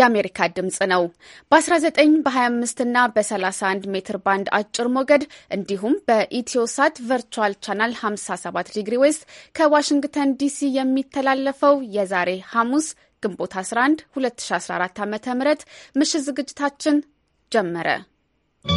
የአሜሪካ ድምፅ ነው። በ19 በ25 እና በ31 ሜትር ባንድ አጭር ሞገድ እንዲሁም በኢትዮሳት ቨርቹዋል ቻናል 57 ዲግሪ ዌስት ከዋሽንግተን ዲሲ የሚተላለፈው የዛሬ ሐሙስ ግንቦት 11 2014 ዓ ም ምሽት ዝግጅታችን ጀመረ። ¶¶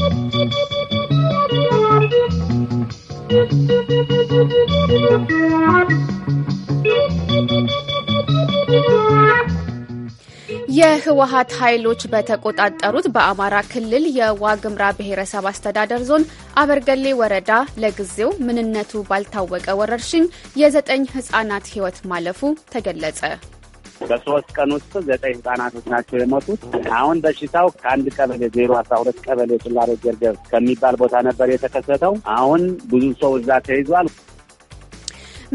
የህወሀት ኃይሎች በተቆጣጠሩት በአማራ ክልል የዋግምራ ብሔረሰብ አስተዳደር ዞን አበርገሌ ወረዳ ለጊዜው ምንነቱ ባልታወቀ ወረርሽኝ የዘጠኝ ህጻናት ህይወት ማለፉ ተገለጸ። በሶስት ቀን ውስጥ ዘጠኝ ህጻናቶች ናቸው የሞቱት። አሁን በሽታው ከአንድ ቀበሌ ዜሮ አስራ ሁለት ቀበሌ ስላሬ ጀርገብ ከሚባል ቦታ ነበር የተከሰተው። አሁን ብዙ ሰው እዛ ተይዟል።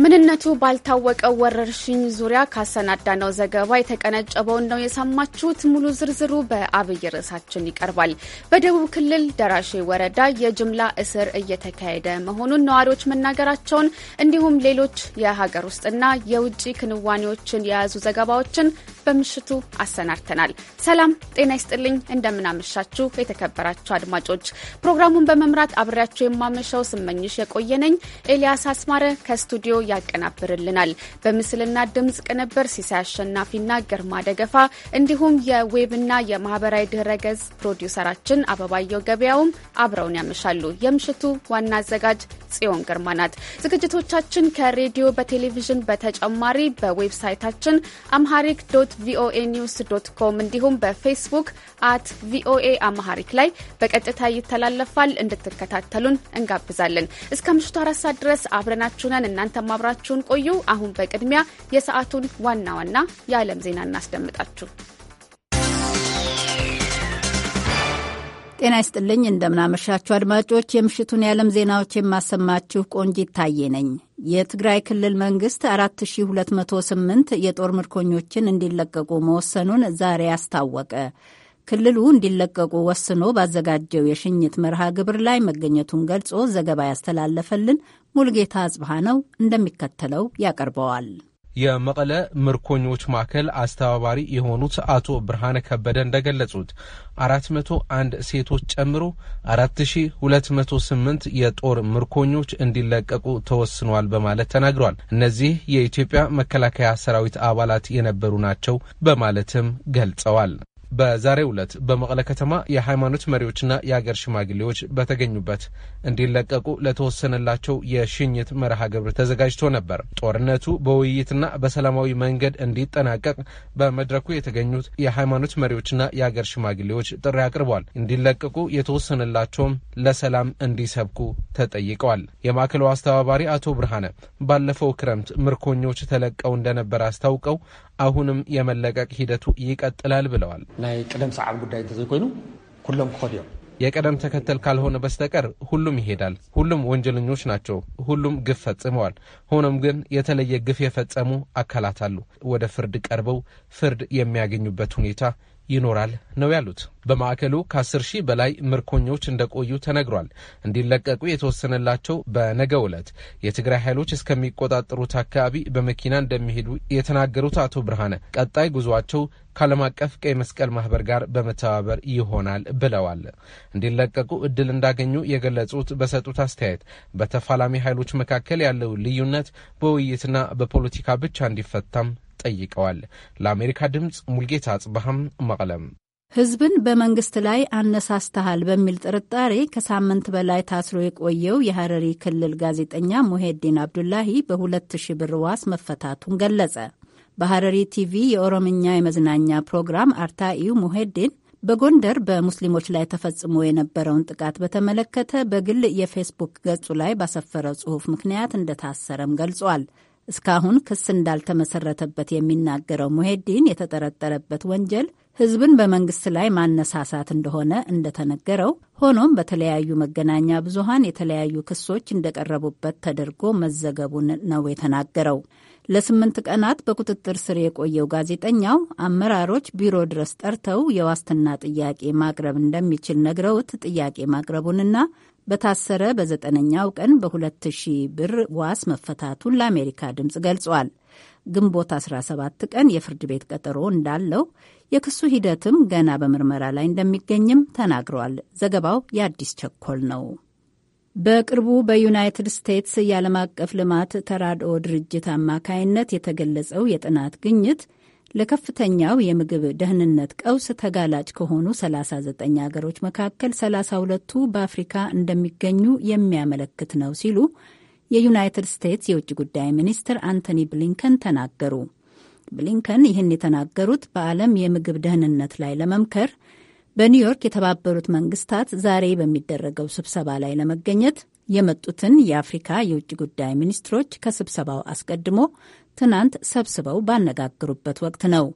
ምንነቱ ባልታወቀው ወረርሽኝ ዙሪያ ካሰናዳነው ዘገባ የተቀነጨበውን ነው የሰማችሁት። ሙሉ ዝርዝሩ በአብይ ርዕሳችን ይቀርባል። በደቡብ ክልል ደራሼ ወረዳ የጅምላ እስር እየተካሄደ መሆኑን ነዋሪዎች መናገራቸውን እንዲሁም ሌሎች የሀገር ውስጥና የውጭ ክንዋኔዎችን የያዙ ዘገባዎችን በምሽቱ አሰናድተናል። ሰላም ጤና ይስጥልኝ። እንደምናመሻችሁ የተከበራችሁ አድማጮች፣ ፕሮግራሙን በመምራት አብሬያችሁ የማመሻው ስመኝሽ የቆየነኝ ኤልያስ አስማረ ከስቱዲዮ ያቀናብርልናል። በምስልና ድምፅ ቅንብር ሲሳይ አሸናፊና ግርማ ደገፋ እንዲሁም የዌብና የማህበራዊ ድህረ ገጽ ፕሮዲውሰራችን አበባየው ገበያውም አብረውን ያመሻሉ። የምሽቱ ዋና አዘጋጅ ጽዮን ግርማ ናት። ዝግጅቶቻችን ከሬዲዮ በቴሌቪዥን በተጨማሪ በዌብሳይታችን አምሃሪክ ዶት ቪኦኤ ኒውስ ዶት ኮም እንዲሁም በፌስቡክ አት ቪኦኤ አምሃሪክ ላይ በቀጥታ ይተላለፋል። እንድትከታተሉን እንጋብዛለን። እስከ ምሽቱ አራት ሰዓት ድረስ አብረናችሁነን እናንተማ አብራችሁን ቆዩ። አሁን በቅድሚያ የሰዓቱን ዋና ዋና የዓለም ዜና እናስደምጣችሁ። ጤና ይስጥልኝ። እንደምናመሻችሁ አድማጮች፣ የምሽቱን የዓለም ዜናዎች የማሰማችሁ ቆንጂት ታዬ ነኝ። የትግራይ ክልል መንግስት 4208 የጦር ምርኮኞችን እንዲለቀቁ መወሰኑን ዛሬ አስታወቀ። ክልሉ እንዲለቀቁ ወስኖ ባዘጋጀው የሽኝት መርሃ ግብር ላይ መገኘቱን ገልጾ ዘገባ ያስተላለፈልን ሙልጌታ አጽብሃ ነው እንደሚከተለው ያቀርበዋል። የመቀለ ምርኮኞች ማዕከል አስተባባሪ የሆኑት አቶ ብርሃነ ከበደ እንደገለጹት አራት መቶ አንድ ሴቶች ጨምሮ አራት ሺ ሁለት መቶ ስምንት የጦር ምርኮኞች እንዲለቀቁ ተወስኗል በማለት ተናግሯል። እነዚህ የኢትዮጵያ መከላከያ ሰራዊት አባላት የነበሩ ናቸው በማለትም ገልጸዋል። በዛሬው ዕለት በመቀለ ከተማ የሃይማኖት መሪዎችና የአገር ሽማግሌዎች በተገኙበት እንዲለቀቁ ለተወሰነላቸው የሽኝት መርሃ ግብር ተዘጋጅቶ ነበር። ጦርነቱ በውይይትና በሰላማዊ መንገድ እንዲጠናቀቅ በመድረኩ የተገኙት የሃይማኖት መሪዎችና የአገር ሽማግሌዎች ጥሪ አቅርቧል። እንዲለቀቁ የተወሰነላቸውም ለሰላም እንዲሰብኩ ተጠይቀዋል። የማዕከሉ አስተባባሪ አቶ ብርሃነ ባለፈው ክረምት ምርኮኞች ተለቀው እንደነበር አስታውቀው አሁንም የመለቀቅ ሂደቱ ይቀጥላል ብለዋል። ናይ ቅደም ሰዓብ ጉዳይ እንተዘይኮይኑ ኩሎም ክኸዱ እዮም የቅደም ተከተል ካልሆነ በስተቀር ሁሉም ይሄዳል። ሁሉም ወንጀለኞች ናቸው። ሁሉም ግፍ ፈጽመዋል። ሆኖም ግን የተለየ ግፍ የፈጸሙ አካላት አሉ። ወደ ፍርድ ቀርበው ፍርድ የሚያገኙበት ሁኔታ ይኖራል ነው ያሉት። በማዕከሉ ከአስር ሺህ በላይ ምርኮኞች እንደቆዩ ተነግሯል። እንዲለቀቁ የተወሰነላቸው በነገ ዕለት የትግራይ ኃይሎች እስከሚቆጣጠሩት አካባቢ በመኪና እንደሚሄዱ የተናገሩት አቶ ብርሃነ ቀጣይ ጉዟቸው ከዓለም አቀፍ ቀይ መስቀል ማህበር ጋር በመተባበር ይሆናል ብለዋል። እንዲለቀቁ እድል እንዳገኙ የገለጹት በሰጡት አስተያየት በተፋላሚ ኃይሎች መካከል ያለው ልዩነት በውይይትና በፖለቲካ ብቻ እንዲፈታም ጠይቀዋል። ለአሜሪካ ድምፅ ሙልጌታ አጽበሃም መቀለም ህዝብን በመንግስት ላይ አነሳስተሃል በሚል ጥርጣሬ ከሳምንት በላይ ታስሮ የቆየው የሐረሪ ክልል ጋዜጠኛ ሙሄዲን አብዱላሂ በሁለት ሺህ ብር ዋስ መፈታቱን ገለጸ። በሐረሪ ቲቪ የኦሮምኛ የመዝናኛ ፕሮግራም አርታኢው ሙሄዲን በጎንደር በሙስሊሞች ላይ ተፈጽሞ የነበረውን ጥቃት በተመለከተ በግል የፌስቡክ ገጹ ላይ ባሰፈረው ጽሑፍ ምክንያት እንደታሰረም ገልጿል። እስካሁን ክስ እንዳልተመሰረተበት የሚናገረው ሙሄዲን የተጠረጠረበት ወንጀል ህዝብን በመንግስት ላይ ማነሳሳት እንደሆነ እንደተነገረው፣ ሆኖም በተለያዩ መገናኛ ብዙሃን የተለያዩ ክሶች እንደቀረቡበት ተደርጎ መዘገቡን ነው የተናገረው። ለስምንት ቀናት በቁጥጥር ስር የቆየው ጋዜጠኛው አመራሮች ቢሮ ድረስ ጠርተው የዋስትና ጥያቄ ማቅረብ እንደሚችል ነግረውት ጥያቄ ማቅረቡንና በታሰረ በዘጠነኛው ቀን በ200 ብር ዋስ መፈታቱን ለአሜሪካ ድምፅ ገልጿል። ግንቦት 17 ቀን የፍርድ ቤት ቀጠሮ እንዳለው የክሱ ሂደትም ገና በምርመራ ላይ እንደሚገኝም ተናግረዋል። ዘገባው የአዲስ ቸኮል ነው። በቅርቡ በዩናይትድ ስቴትስ የዓለም አቀፍ ልማት ተራድኦ ድርጅት አማካይነት የተገለጸው የጥናት ግኝት ለከፍተኛው የምግብ ደህንነት ቀውስ ተጋላጭ ከሆኑ 39 ሀገሮች መካከል 32ቱ በአፍሪካ እንደሚገኙ የሚያመለክት ነው ሲሉ የዩናይትድ ስቴትስ የውጭ ጉዳይ ሚኒስትር አንቶኒ ብሊንከን ተናገሩ። ብሊንከን ይህን የተናገሩት በዓለም የምግብ ደህንነት ላይ ለመምከር በኒውዮርክ የተባበሩት መንግስታት ዛሬ በሚደረገው ስብሰባ ላይ ለመገኘት የመጡትን የአፍሪካ የውጭ ጉዳይ ሚኒስትሮች ከስብሰባው አስቀድሞ ትናንት ሰብስበው ባነጋገሩበት ወቅት ነው።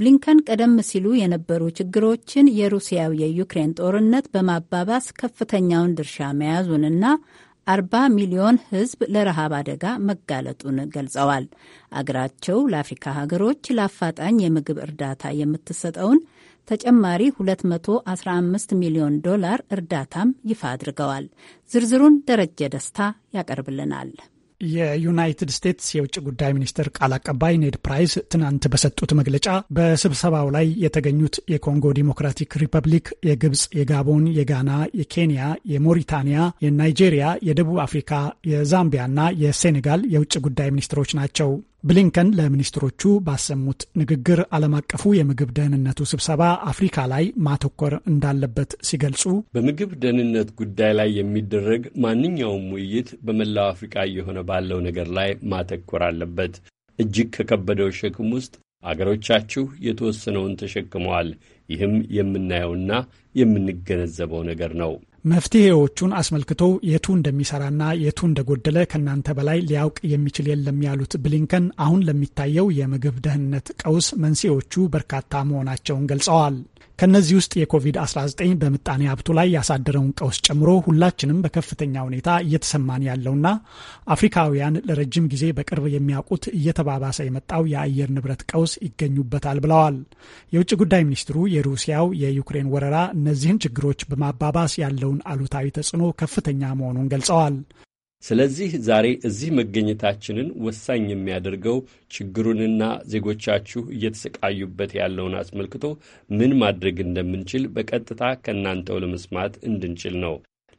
ብሊንከን ቀደም ሲሉ የነበሩ ችግሮችን የሩሲያው የዩክሬን ጦርነት በማባባስ ከፍተኛውን ድርሻ መያዙንና አርባ ሚሊዮን ሕዝብ ለረሃብ አደጋ መጋለጡን ገልጸዋል። አገራቸው ለአፍሪካ ሀገሮች ለአፋጣኝ የምግብ እርዳታ የምትሰጠውን ተጨማሪ 215 ሚሊዮን ዶላር እርዳታም ይፋ አድርገዋል። ዝርዝሩን ደረጀ ደስታ ያቀርብልናል። የዩናይትድ ስቴትስ የውጭ ጉዳይ ሚኒስትር ቃል አቀባይ ኔድ ፕራይስ ትናንት በሰጡት መግለጫ በስብሰባው ላይ የተገኙት የኮንጎ ዲሞክራቲክ ሪፐብሊክ፣ የግብፅ፣ የጋቦን፣ የጋና፣ የኬንያ፣ የሞሪታንያ፣ የናይጄሪያ፣ የደቡብ አፍሪካ፣ የዛምቢያና የሴኔጋል የውጭ ጉዳይ ሚኒስትሮች ናቸው። ብሊንከን ለሚኒስትሮቹ ባሰሙት ንግግር ዓለም አቀፉ የምግብ ደህንነቱ ስብሰባ አፍሪካ ላይ ማተኮር እንዳለበት ሲገልጹ በምግብ ደህንነት ጉዳይ ላይ የሚደረግ ማንኛውም ውይይት በመላው አፍሪካ እየሆነ ባለው ነገር ላይ ማተኮር አለበት። እጅግ ከከበደው ሸክም ውስጥ አገሮቻችሁ የተወሰነውን ተሸክመዋል። ይህም የምናየውና የምንገነዘበው ነገር ነው። መፍትሄዎቹን አስመልክቶ የቱ እንደሚሰራና የቱ እንደጎደለ ከእናንተ በላይ ሊያውቅ የሚችል የለም ያሉት ብሊንከን አሁን ለሚታየው የምግብ ደህንነት ቀውስ መንስኤዎቹ በርካታ መሆናቸውን ገልጸዋል። ከእነዚህ ውስጥ የኮቪድ-19 በምጣኔ ሀብቱ ላይ ያሳደረውን ቀውስ ጨምሮ ሁላችንም በከፍተኛ ሁኔታ እየተሰማን ያለውና አፍሪካውያን ለረጅም ጊዜ በቅርብ የሚያውቁት እየተባባሰ የመጣው የአየር ንብረት ቀውስ ይገኙበታል ብለዋል። የውጭ ጉዳይ ሚኒስትሩ የሩሲያው የዩክሬን ወረራ እነዚህን ችግሮች በማባባስ ያለውን አሉታዊ ተጽዕኖ ከፍተኛ መሆኑን ገልጸዋል። ስለዚህ ዛሬ እዚህ መገኘታችንን ወሳኝ የሚያደርገው ችግሩንና ዜጎቻችሁ እየተሰቃዩበት ያለውን አስመልክቶ ምን ማድረግ እንደምንችል በቀጥታ ከእናንተው ለመስማት እንድንችል ነው።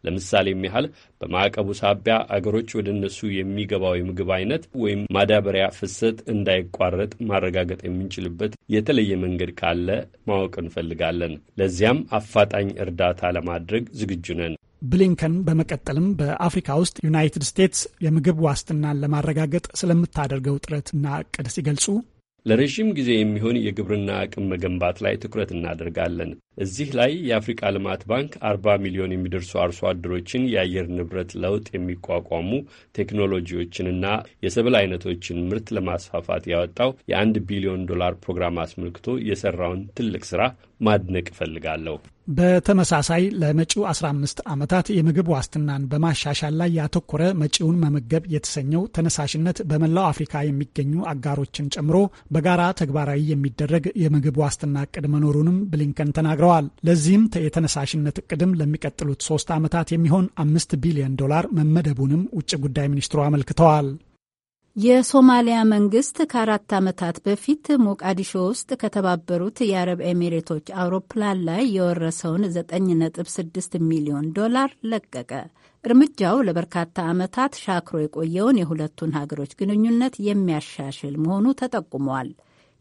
ለምሳሌም ያህል በማዕቀቡ ሳቢያ አገሮች ወደ እነሱ የሚገባው የምግብ አይነት ወይም ማዳበሪያ ፍሰት እንዳይቋረጥ ማረጋገጥ የምንችልበት የተለየ መንገድ ካለ ማወቅ እንፈልጋለን። ለዚያም አፋጣኝ እርዳታ ለማድረግ ዝግጁ ነን። ብሊንከን በመቀጠልም በአፍሪካ ውስጥ ዩናይትድ ስቴትስ የምግብ ዋስትናን ለማረጋገጥ ስለምታደርገው ጥረትና እቅድ ሲገልጹ ለረዥም ጊዜ የሚሆን የግብርና አቅም መገንባት ላይ ትኩረት እናደርጋለን። እዚህ ላይ የአፍሪካ ልማት ባንክ አርባ ሚሊዮን የሚደርሱ አርሶ አደሮችን የአየር ንብረት ለውጥ የሚቋቋሙ ቴክኖሎጂዎችንና የሰብል አይነቶችን ምርት ለማስፋፋት ያወጣው የአንድ ቢሊዮን ዶላር ፕሮግራም አስመልክቶ የሰራውን ትልቅ ስራ ማድነቅ እፈልጋለሁ። በተመሳሳይ ለመጪው 15 ዓመታት የምግብ ዋስትናን በማሻሻል ላይ ያተኮረ መጪውን መመገብ የተሰኘው ተነሳሽነት በመላው አፍሪካ የሚገኙ አጋሮችን ጨምሮ በጋራ ተግባራዊ የሚደረግ የምግብ ዋስትና እቅድ መኖሩንም ብሊንከን ተናግረዋል። ለዚህም የተነሳሽነት እቅድም ለሚቀጥሉት ሶስት ዓመታት የሚሆን አምስት ቢሊዮን ዶላር መመደቡንም ውጭ ጉዳይ ሚኒስትሩ አመልክተዋል። የሶማሊያ መንግስት ከአራት ዓመታት በፊት ሞቃዲሾ ውስጥ ከተባበሩት የአረብ ኤሚሬቶች አውሮፕላን ላይ የወረሰውን 9.6 ሚሊዮን ዶላር ለቀቀ። እርምጃው ለበርካታ ዓመታት ሻክሮ የቆየውን የሁለቱን ሀገሮች ግንኙነት የሚያሻሽል መሆኑ ተጠቁሟል።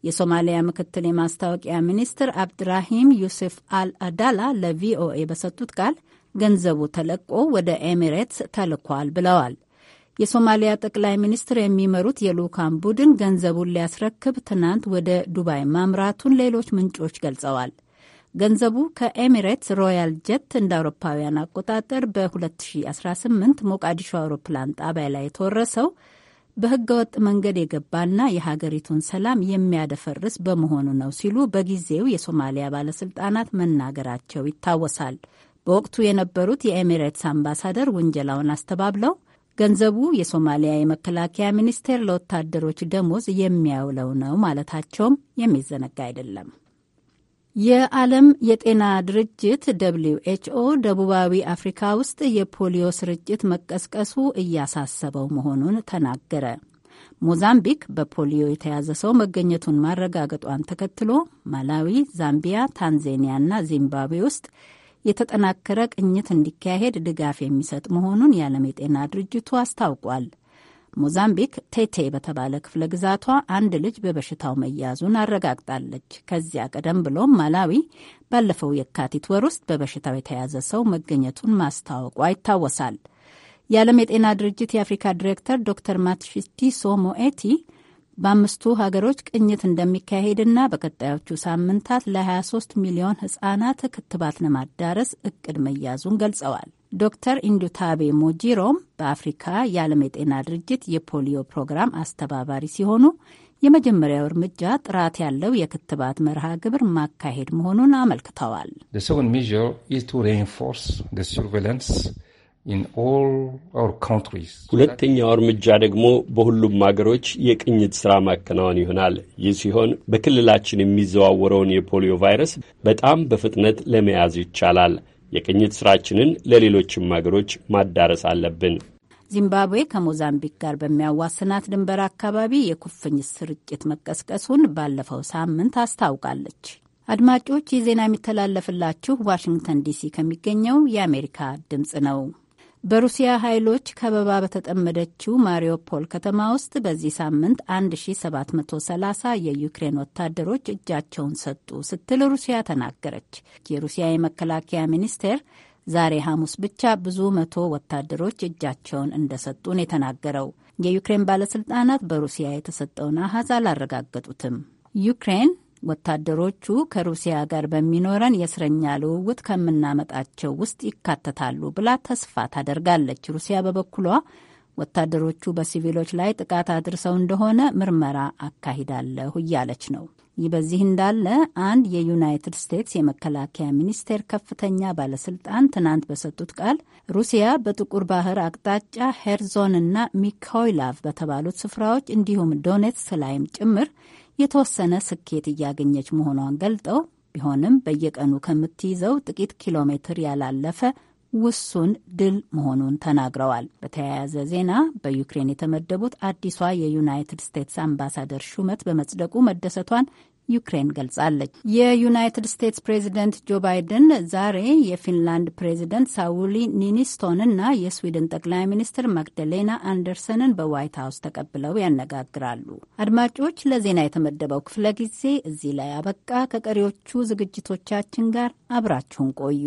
የሶማሊያ ምክትል የማስታወቂያ ሚኒስትር አብድራሂም ዩስፍ አል አዳላ ለቪኦኤ በሰጡት ቃል ገንዘቡ ተለቆ ወደ ኤሚሬትስ ተልኳል ብለዋል። የሶማሊያ ጠቅላይ ሚኒስትር የሚመሩት የልኡካን ቡድን ገንዘቡን ሊያስረክብ ትናንት ወደ ዱባይ ማምራቱን ሌሎች ምንጮች ገልጸዋል። ገንዘቡ ከኤሚሬትስ ሮያል ጀት እንደ አውሮፓውያን አቆጣጠር በ2018 ሞቃዲሾ አውሮፕላን ጣቢያ ላይ የተወረሰው በህገወጥ መንገድ የገባና የሀገሪቱን ሰላም የሚያደፈርስ በመሆኑ ነው ሲሉ በጊዜው የሶማሊያ ባለስልጣናት መናገራቸው ይታወሳል። በወቅቱ የነበሩት የኤሚሬትስ አምባሳደር ውንጀላውን አስተባብለው ገንዘቡ የሶማሊያ የመከላከያ ሚኒስቴር ለወታደሮች ደሞዝ የሚያውለው ነው ማለታቸውም የሚዘነጋ አይደለም። የዓለም የጤና ድርጅት ደብሊው ኤችኦ ደቡባዊ አፍሪካ ውስጥ የፖሊዮ ስርጭት መቀስቀሱ እያሳሰበው መሆኑን ተናገረ። ሞዛምቢክ በፖሊዮ የተያዘ ሰው መገኘቱን ማረጋገጧን ተከትሎ ማላዊ፣ ዛምቢያ፣ ታንዜኒያ ዚምባብዌ ውስጥ የተጠናከረ ቅኝት እንዲካሄድ ድጋፍ የሚሰጥ መሆኑን የዓለም የጤና ድርጅቱ አስታውቋል። ሞዛምቢክ ቴቴ በተባለ ክፍለ ግዛቷ አንድ ልጅ በበሽታው መያዙን አረጋግጣለች። ከዚያ ቀደም ብሎም ማላዊ ባለፈው የካቲት ወር ውስጥ በበሽታው የተያዘ ሰው መገኘቱን ማስታወቋ ይታወሳል። የዓለም የጤና ድርጅት የአፍሪካ ዲሬክተር ዶክተር ማትሺቲሶ በአምስቱ ሀገሮች ቅኝት እንደሚካሄድና በቀጣዮቹ ሳምንታት ለ23 ሚሊዮን ህጻናት ክትባት ለማዳረስ እቅድ መያዙን ገልጸዋል። ዶክተር ኢንዱታቤ ሞጂሮም በአፍሪካ የዓለም የጤና ድርጅት የፖሊዮ ፕሮግራም አስተባባሪ ሲሆኑ የመጀመሪያው እርምጃ ጥራት ያለው የክትባት መርሃ ግብር ማካሄድ መሆኑን አመልክተዋል። ሁለተኛው እርምጃ ደግሞ በሁሉም አገሮች የቅኝት ሥራ ማከናወን ይሆናል። ይህ ሲሆን በክልላችን የሚዘዋወረውን የፖሊዮ ቫይረስ በጣም በፍጥነት ለመያዝ ይቻላል። የቅኝት ሥራችንን ለሌሎችም አገሮች ማዳረስ አለብን። ዚምባብዌ ከሞዛምቢክ ጋር በሚያዋስናት ድንበር አካባቢ የኩፍኝ ስርጭት መቀስቀሱን ባለፈው ሳምንት አስታውቃለች። አድማጮች፣ ይህ ዜና የሚተላለፍላችሁ ዋሽንግተን ዲሲ ከሚገኘው የአሜሪካ ድምፅ ነው። በሩሲያ ኃይሎች ከበባ በተጠመደችው ማሪዮፖል ከተማ ውስጥ በዚህ ሳምንት 1730 የዩክሬን ወታደሮች እጃቸውን ሰጡ ስትል ሩሲያ ተናገረች። የሩሲያ የመከላከያ ሚኒስቴር ዛሬ ሐሙስ ብቻ ብዙ መቶ ወታደሮች እጃቸውን እንደሰጡን የተናገረው የዩክሬን ባለስልጣናት በሩሲያ የተሰጠውን አሀዝ አላረጋገጡትም። ዩክሬን ወታደሮቹ ከሩሲያ ጋር በሚኖረን የእስረኛ ልውውጥ ከምናመጣቸው ውስጥ ይካተታሉ ብላ ተስፋ ታደርጋለች። ሩሲያ በበኩሏ ወታደሮቹ በሲቪሎች ላይ ጥቃት አድርሰው እንደሆነ ምርመራ አካሂዳለሁ እያለች ነው። ይህ በዚህ እንዳለ አንድ የዩናይትድ ስቴትስ የመከላከያ ሚኒስቴር ከፍተኛ ባለስልጣን ትናንት በሰጡት ቃል ሩሲያ በጥቁር ባህር አቅጣጫ ሄርዞንና ሚካይላቭ በተባሉት ስፍራዎች እንዲሁም ዶኔትስ ላይም ጭምር የተወሰነ ስኬት እያገኘች መሆኗን ገልጠው ቢሆንም በየቀኑ ከምትይዘው ጥቂት ኪሎ ሜትር ያላለፈ ውሱን ድል መሆኑን ተናግረዋል። በተያያዘ ዜና በዩክሬን የተመደቡት አዲሷ የዩናይትድ ስቴትስ አምባሳደር ሹመት በመጽደቁ መደሰቷን ዩክሬን ገልጻለች። የዩናይትድ ስቴትስ ፕሬዚደንት ጆ ባይደን ዛሬ የፊንላንድ ፕሬዚደንት ሳውሊ ኒኒስቶን እና የስዊድን ጠቅላይ ሚኒስትር ማግደሌና አንደርሰንን በዋይት ሀውስ ተቀብለው ያነጋግራሉ። አድማጮች፣ ለዜና የተመደበው ክፍለ ጊዜ እዚህ ላይ አበቃ። ከቀሪዎቹ ዝግጅቶቻችን ጋር አብራችሁን ቆዩ።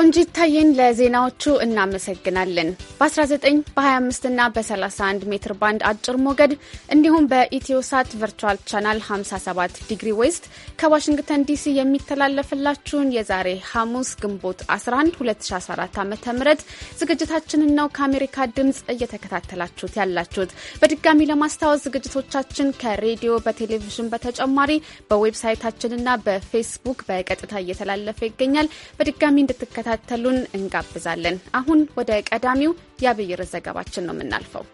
ቆንጂ ታየን ለዜናዎቹ እናመሰግናለን። በ19 በ25 እና በ31 ሜትር ባንድ አጭር ሞገድ እንዲሁም በኢትዮሳት ቨርቹዋል ቻናል 57 ዲግሪ ዌስት ከዋሽንግተን ዲሲ የሚተላለፍላችሁን የዛሬ ሐሙስ ግንቦት 11 2014 ዓ ም ዝግጅታችንን ነው ከአሜሪካ ድምፅ እየተከታተላችሁት ያላችሁት። በድጋሚ ለማስታወስ ዝግጅቶቻችን ከሬዲዮ በቴሌቪዥን በተጨማሪ በዌብሳይታችንና በፌስቡክ በቀጥታ እየተላለፈ ይገኛል። በድጋሚ እንድትከታ እንድትከታተሉን እንጋብዛለን። አሁን ወደ ቀዳሚው የአብይር ዘገባችን ነው የምናልፈው።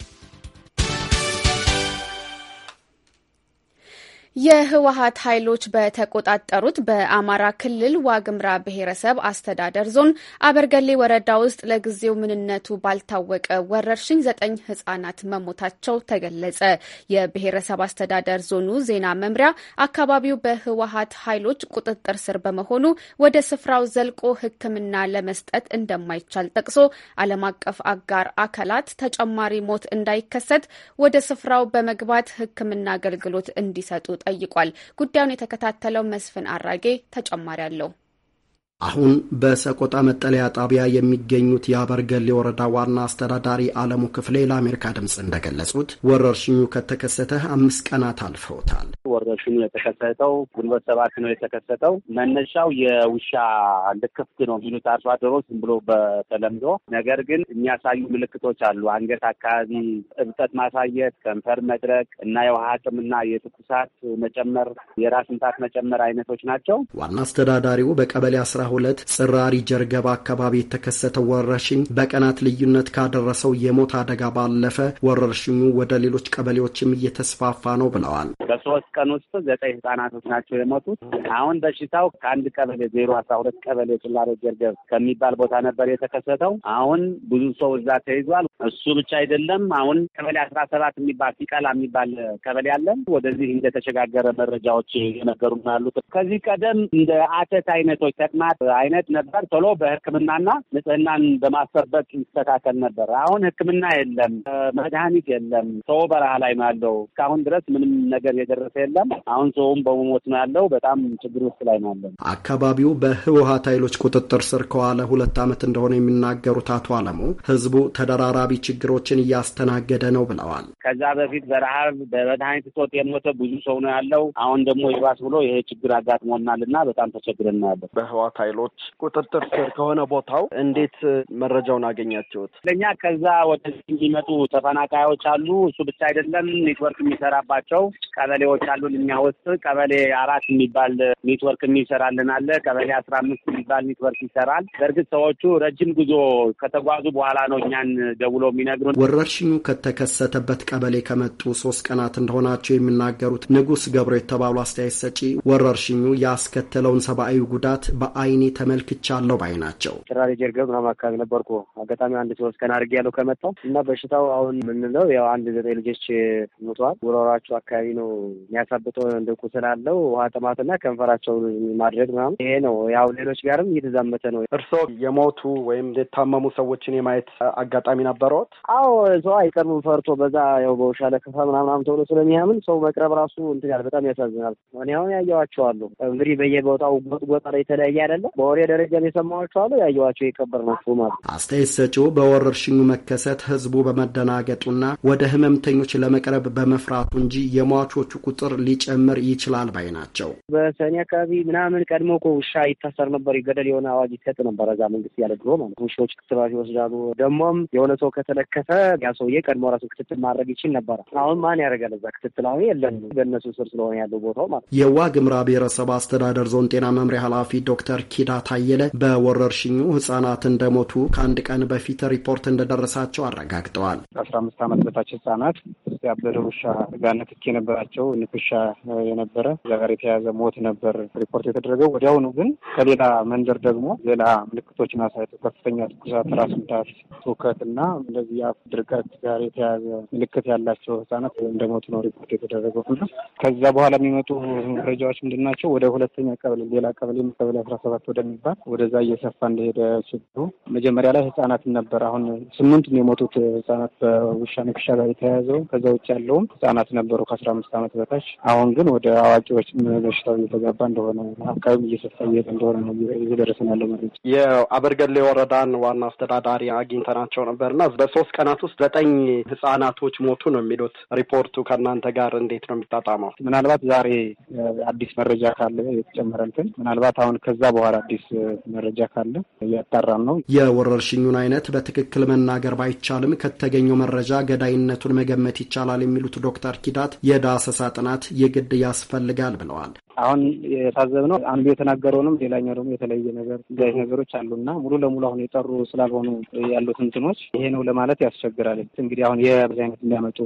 የህወሀት ኃይሎች በተቆጣጠሩት በአማራ ክልል ዋግምራ ብሔረሰብ አስተዳደር ዞን አበርገሌ ወረዳ ውስጥ ለጊዜው ምንነቱ ባልታወቀ ወረርሽኝ ዘጠኝ ህጻናት መሞታቸው ተገለጸ። የብሔረሰብ አስተዳደር ዞኑ ዜና መምሪያ አካባቢው በህወሀት ኃይሎች ቁጥጥር ስር በመሆኑ ወደ ስፍራው ዘልቆ ሕክምና ለመስጠት እንደማይቻል ጠቅሶ ዓለም አቀፍ አጋር አካላት ተጨማሪ ሞት እንዳይከሰት ወደ ስፍራው በመግባት ሕክምና አገልግሎት እንዲሰጡ ጠይቋል። ጉዳዩን የተከታተለው መስፍን አራጌ ተጨማሪ አለው። አሁን በሰቆጣ መጠለያ ጣቢያ የሚገኙት የአበርገሌ ወረዳ ዋና አስተዳዳሪ አለሙ ክፍሌ ለአሜሪካ ድምፅ እንደገለጹት ወረርሽኙ ከተከሰተ አምስት ቀናት አልፈውታል። ወረርሽኙ የተከሰተው ግንቦት ሰባት ነው የተከሰተው። መነሻው የውሻ ልክፍት ነው የሚሉት አርሶ አደሮች ዝም ብሎ በተለምዶ ነገር ግን የሚያሳዩ ምልክቶች አሉ። አንገት አካባቢ እብጠት ማሳየት፣ ከንፈር መድረቅ እና የውሃ ጥምና የትኩሳት መጨመር፣ የራስ ምታት መጨመር አይነቶች ናቸው። ዋና አስተዳዳሪው በቀበሌ አስራ 2022 ጽራሪ ጀርገባ አካባቢ የተከሰተው ወረርሽኝ በቀናት ልዩነት ካደረሰው የሞት አደጋ ባለፈ ወረርሽኙ ወደ ሌሎች ቀበሌዎችም እየተስፋፋ ነው ብለዋል። በሶስት ቀን ውስጥ ዘጠኝ ህጻናቶች ናቸው የሞቱት። አሁን በሽታው ከአንድ ቀበሌ ዜሮ አስራ ሁለት ቀበሌ ጭላሮ ጀርገብ ከሚባል ቦታ ነበር የተከሰተው። አሁን ብዙ ሰው እዛ ተይዟል። እሱ ብቻ አይደለም። አሁን ቀበሌ አስራ ሰባት የሚባል ሲቀላ የሚባል ቀበሌ አለን። ወደዚህ እንደተሸጋገረ መረጃዎች የነገሩ አሉት። ከዚህ ቀደም እንደ አተት አይነቶች ተቅማ አይነት ነበር። ቶሎ በሕክምናና ንጽህናን በማስጠበቅ ይስተካከል ነበር። አሁን ሕክምና የለም፣ መድኃኒት የለም። ሰው በረሃ ላይ ነው ያለው። እስካሁን ድረስ ምንም ነገር የደረሰ የለም። አሁን ሰውም በመሞት ነው ያለው። በጣም ችግር ውስጥ ላይ ነው ያለው። አካባቢው በህወሀት ኃይሎች ቁጥጥር ስር ከዋለ ሁለት ዓመት እንደሆነ የሚናገሩት አቶ አለሙ ህዝቡ ተደራራቢ ችግሮችን እያስተናገደ ነው ብለዋል። ከዛ በፊት በረሃብ በመድኃኒት እጦት የሞተ ብዙ ሰው ነው ያለው። አሁን ደግሞ ይባስ ብሎ ይሄ ችግር አጋጥሞናል እና በጣም ተቸግረን ነው ያለው። በህወሀት ኃይሎች ቁጥጥር ስር ከሆነ ቦታው እንዴት መረጃውን አገኛችሁት? ለእኛ ከዛ ወደዚህ የሚመጡ ተፈናቃዮች አሉ። እሱ ብቻ አይደለም፣ ኔትወርክ የሚሰራባቸው ቀበሌዎች አሉን። እኛ ውስጥ ቀበሌ አራት የሚባል ኔትወርክ የሚሰራልን አለ። ቀበሌ አስራ አምስት የሚባል ኔትወርክ ይሰራል። በእርግጥ ሰዎቹ ረጅም ጉዞ ከተጓዙ በኋላ ነው እኛን ደውሎ የሚነግሩን። ወረርሽኙ ከተከሰተበት ቀበሌ ከመጡ ሶስት ቀናት እንደሆናቸው የሚናገሩት ንጉስ ገብሮ የተባሉ አስተያየት ሰጪ ወረርሽኙ ያስከተለውን ሰብአዊ ጉዳት በአይ በዓይኔ ተመልክቻለሁ ባይ ናቸው። ጭራ ጀርገብ ምናምን አካባቢ ነበርኩ። አጋጣሚ አንድ ሶስት ቀን አድርጌ ያለው ከመጣው እና በሽታው አሁን የምንለው ያው አንድ ዘጠኝ ልጆች ሙተዋል። ጉሮሯቸው አካባቢ ነው የሚያሳብጠው እንደ ቁስል አለው ውሃ ጥማትና ከንፈራቸው ማድረግ ምናምን ይሄ ነው። ያው ሌሎች ጋርም እየተዛመተ ነው። እርስዎ የሞቱ ወይም የታመሙ ሰዎችን የማየት አጋጣሚ ነበረዎት? አዎ ሰው አይቀርብም ፈርቶ በዛ ያው በውሻ ለከፋ ምናምናም ተብሎ ስለሚያምን ሰው መቅረብ ራሱ እንትጋል በጣም ያሳዝናል። እኔ አሁን ያየኋቸዋለሁ እንግዲህ በየቦታው ጎጥ ጎጣ የተለያየ አይደለ አለ። በወሬ ደረጃ የሰማኋቸው አሉ፣ ያየኋቸው የቀበር ናቸው ማለት ነው። አስተያየት ሰጪው በወረርሽኙ መከሰት ህዝቡ በመደናገጡና ወደ ህመምተኞች ለመቅረብ በመፍራቱ እንጂ የሟቾቹ ቁጥር ሊጨምር ይችላል ባይ ናቸው። በሰኔ አካባቢ ምናምን ቀድሞ እኮ ውሻ ይታሰር ነበር፣ ይገደል የሆነ አዋጅ ይሰጥ ነበር እዛ መንግስት ያለ ድሮ ማለት ውሾች ክትባት ይወስዳሉ። ደግሞም የሆነ ሰው ከተለከፈ ያ ሰውዬ ቀድሞ ራሱ ክትትል ማድረግ ይችል ነበረ። አሁን ማን ያደርጋል? እዛ ክትትል አሁን የለም፣ በእነሱ ስር ስለሆነ ያለው ቦታው ማለት ግምራ ብሔረሰብ አስተዳደር ዞን ጤና መምሪያ ኃላፊ ዶክተር ሂዳት አየለ በወረርሽኙ ህጻናት እንደሞቱ ከአንድ ቀን በፊት ሪፖርት እንደደረሳቸው አረጋግጠዋል። አስራ አምስት ዓመት በታች ህጻናት ውስጥ ያበደ ውሻ ጋር ንክኪ የነበራቸው ንክሻ የነበረ እዛ ጋር የተያያዘ ሞት ነበር ሪፖርት የተደረገው ወዲያውኑ። ግን ከሌላ መንደር ደግሞ ሌላ ምልክቶችን አሳይቶ ከፍተኛ ትኩሳት፣ ራስ ምታት፣ ትውከት እና እንደዚህ የአፍ ድርቀት ጋር የተያዘ ምልክት ያላቸው ህጻናት እንደሞቱ ነው ሪፖርት የተደረገው። ከዛ በኋላ የሚመጡ መረጃዎች ምንድን ናቸው? ወደ ሁለተኛ ቀበሌ ሌላ ቀበሌ ቀበሌ አስራ ሰባት ወደሚባል ወደዛ እየሰፋ እንደሄደ ችግሩ መጀመሪያ ላይ ህጻናትን ነበር። አሁን ነው የሞቱት ህጻናት በውሻ ንክሻ ጋር የተያያዘው ከዛ ውጭ ያለውም ህጻናት ነበሩ ከአስራ አምስት ዓመት በታች። አሁን ግን ወደ አዋቂዎች በሽታው እየተጋባ እንደሆነ አካባቢ እየሰፋ እየሄደ እንደሆነ ነው እየደረሰን ያለው መረጃ። የአበርገሌ ወረዳን ዋና አስተዳዳሪ አግኝተናቸው ነበር እና በሶስት ቀናት ውስጥ ዘጠኝ ህጻናቶች ሞቱ ነው የሚሉት ሪፖርቱ። ከእናንተ ጋር እንዴት ነው የሚጣጣመው? ምናልባት ዛሬ አዲስ መረጃ ካለ የተጨመረ እንትን ምናልባት አሁን ከዛ በኋላ አዲስ መረጃ ካለ እያጣራን ነው። የወረርሽኙን አይነት በትክክል መናገር ባይቻልም ከተገኘው መረጃ ገዳይነቱን መገመት ይቻላል የሚሉት ዶክተር ኪዳት የዳሰሳ ጥናት የግድ ያስፈልጋል ብለዋል። አሁን የታዘብነው አንዱ የተናገረውንም ሌላኛው ደግሞ የተለየ ነገር ጋይ ነገሮች አሉና ሙሉ ለሙሉ አሁን የጠሩ ስላልሆኑ ያሉት እንትኖች ይሄ ነው ለማለት ያስቸግራል። እንግዲህ አሁን የብዙ አይነት የሚያመጡ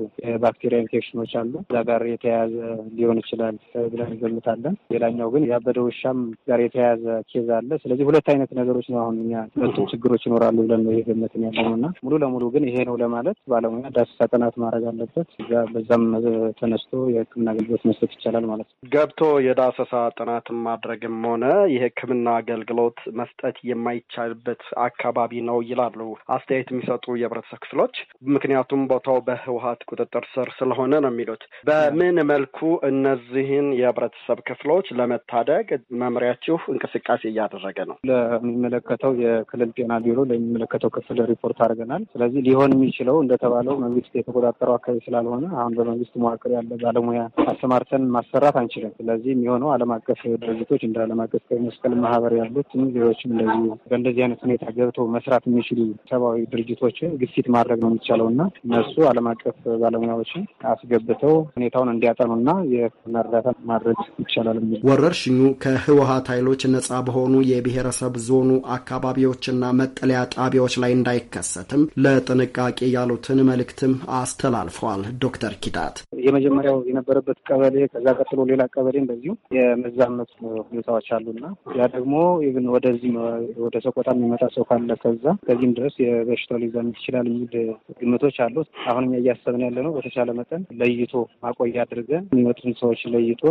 ባክቴሪያ ኢንፌክሽኖች አሉ እዛ ጋር የተያያዘ ሊሆን ይችላል ብለን እንገምታለን። ሌላኛው ግን ያበደ ውሻም ጋር የተያያዘ ኬዝ አለ። ስለዚህ ሁለት አይነት ነገሮች ነው አሁን እኛ ሁለቱም ችግሮች ይኖራሉ ብለን ነው ይህ ያለነው እና ሙሉ ለሙሉ ግን ይሄ ነው ለማለት ባለሙያ ዳሰሳ ጥናት ማድረግ አለበት። በዛም ተነስቶ የሕክምና አገልግሎት መስጠት ይቻላል ማለት ነው። ገብቶ የዳሰሳ ጥናት ማድረግም ሆነ የሕክምና አገልግሎት መስጠት የማይቻልበት አካባቢ ነው ይላሉ አስተያየት የሚሰጡ የህብረተሰብ ክፍሎች። ምክንያቱም ቦታው በህወሀት ቁጥጥር ስር ስለሆነ ነው የሚሉት። በምን መልኩ እነዚህን የህብረተሰብ ክፍሎች ለመታደግ መምሪያችሁ እንቅስቃሴ እንቅስቃሴ እያደረገ ነው። ለሚመለከተው የክልል ጤና ቢሮ ለሚመለከተው ክፍል ሪፖርት አድርገናል። ስለዚህ ሊሆን የሚችለው እንደተባለው መንግስት የተቆጣጠረው አካባቢ ስላልሆነ አሁን በመንግስት መዋቅር ያለ ባለሙያ አሰማርተን ማሰራት አንችልም። ስለዚህ የሚሆነው ዓለም አቀፍ ድርጅቶች እንደ ዓለም አቀፍ ቀይ መስቀል ማህበር ያሉት ሌሎችም እንደዚህ በእንደዚህ አይነት ሁኔታ ገብተው መስራት የሚችሉ ሰብአዊ ድርጅቶችን ግፊት ማድረግ ነው የሚቻለው እና እነሱ ዓለም አቀፍ ባለሙያዎችን አስገብተው ሁኔታውን እንዲያጠኑና የመረዳት ማድረግ ይቻላል። ወረርሽኙ ከህወሀት ኃይሎች ነጻ በሆኑ የብሔረሰብ ዞኑ አካባቢዎችና መጠለያ ጣቢያዎች ላይ እንዳይከሰትም ለጥንቃቄ ያሉትን መልእክትም አስተላልፈዋል። ዶክተር ኪዳት የመጀመሪያው የነበረበት ቀበሌ ከዛ ቀጥሎ ሌላ ቀበሌ እንደዚሁ የመዛመት ሁኔታዎች አሉና ያ ደግሞ ኢቭን ወደዚህ ወደ ሰቆጣ የሚመጣ ሰው ካለ ከዛ ከዚህም ድረስ የበሽታው ሊዛም ይችላል የሚል ግምቶች አሉት። አሁንም እያሰብን ያለ ነው በተቻለ መጠን ለይቶ ማቆያ አድርገን የሚመጡትን ሰዎች ለይቶ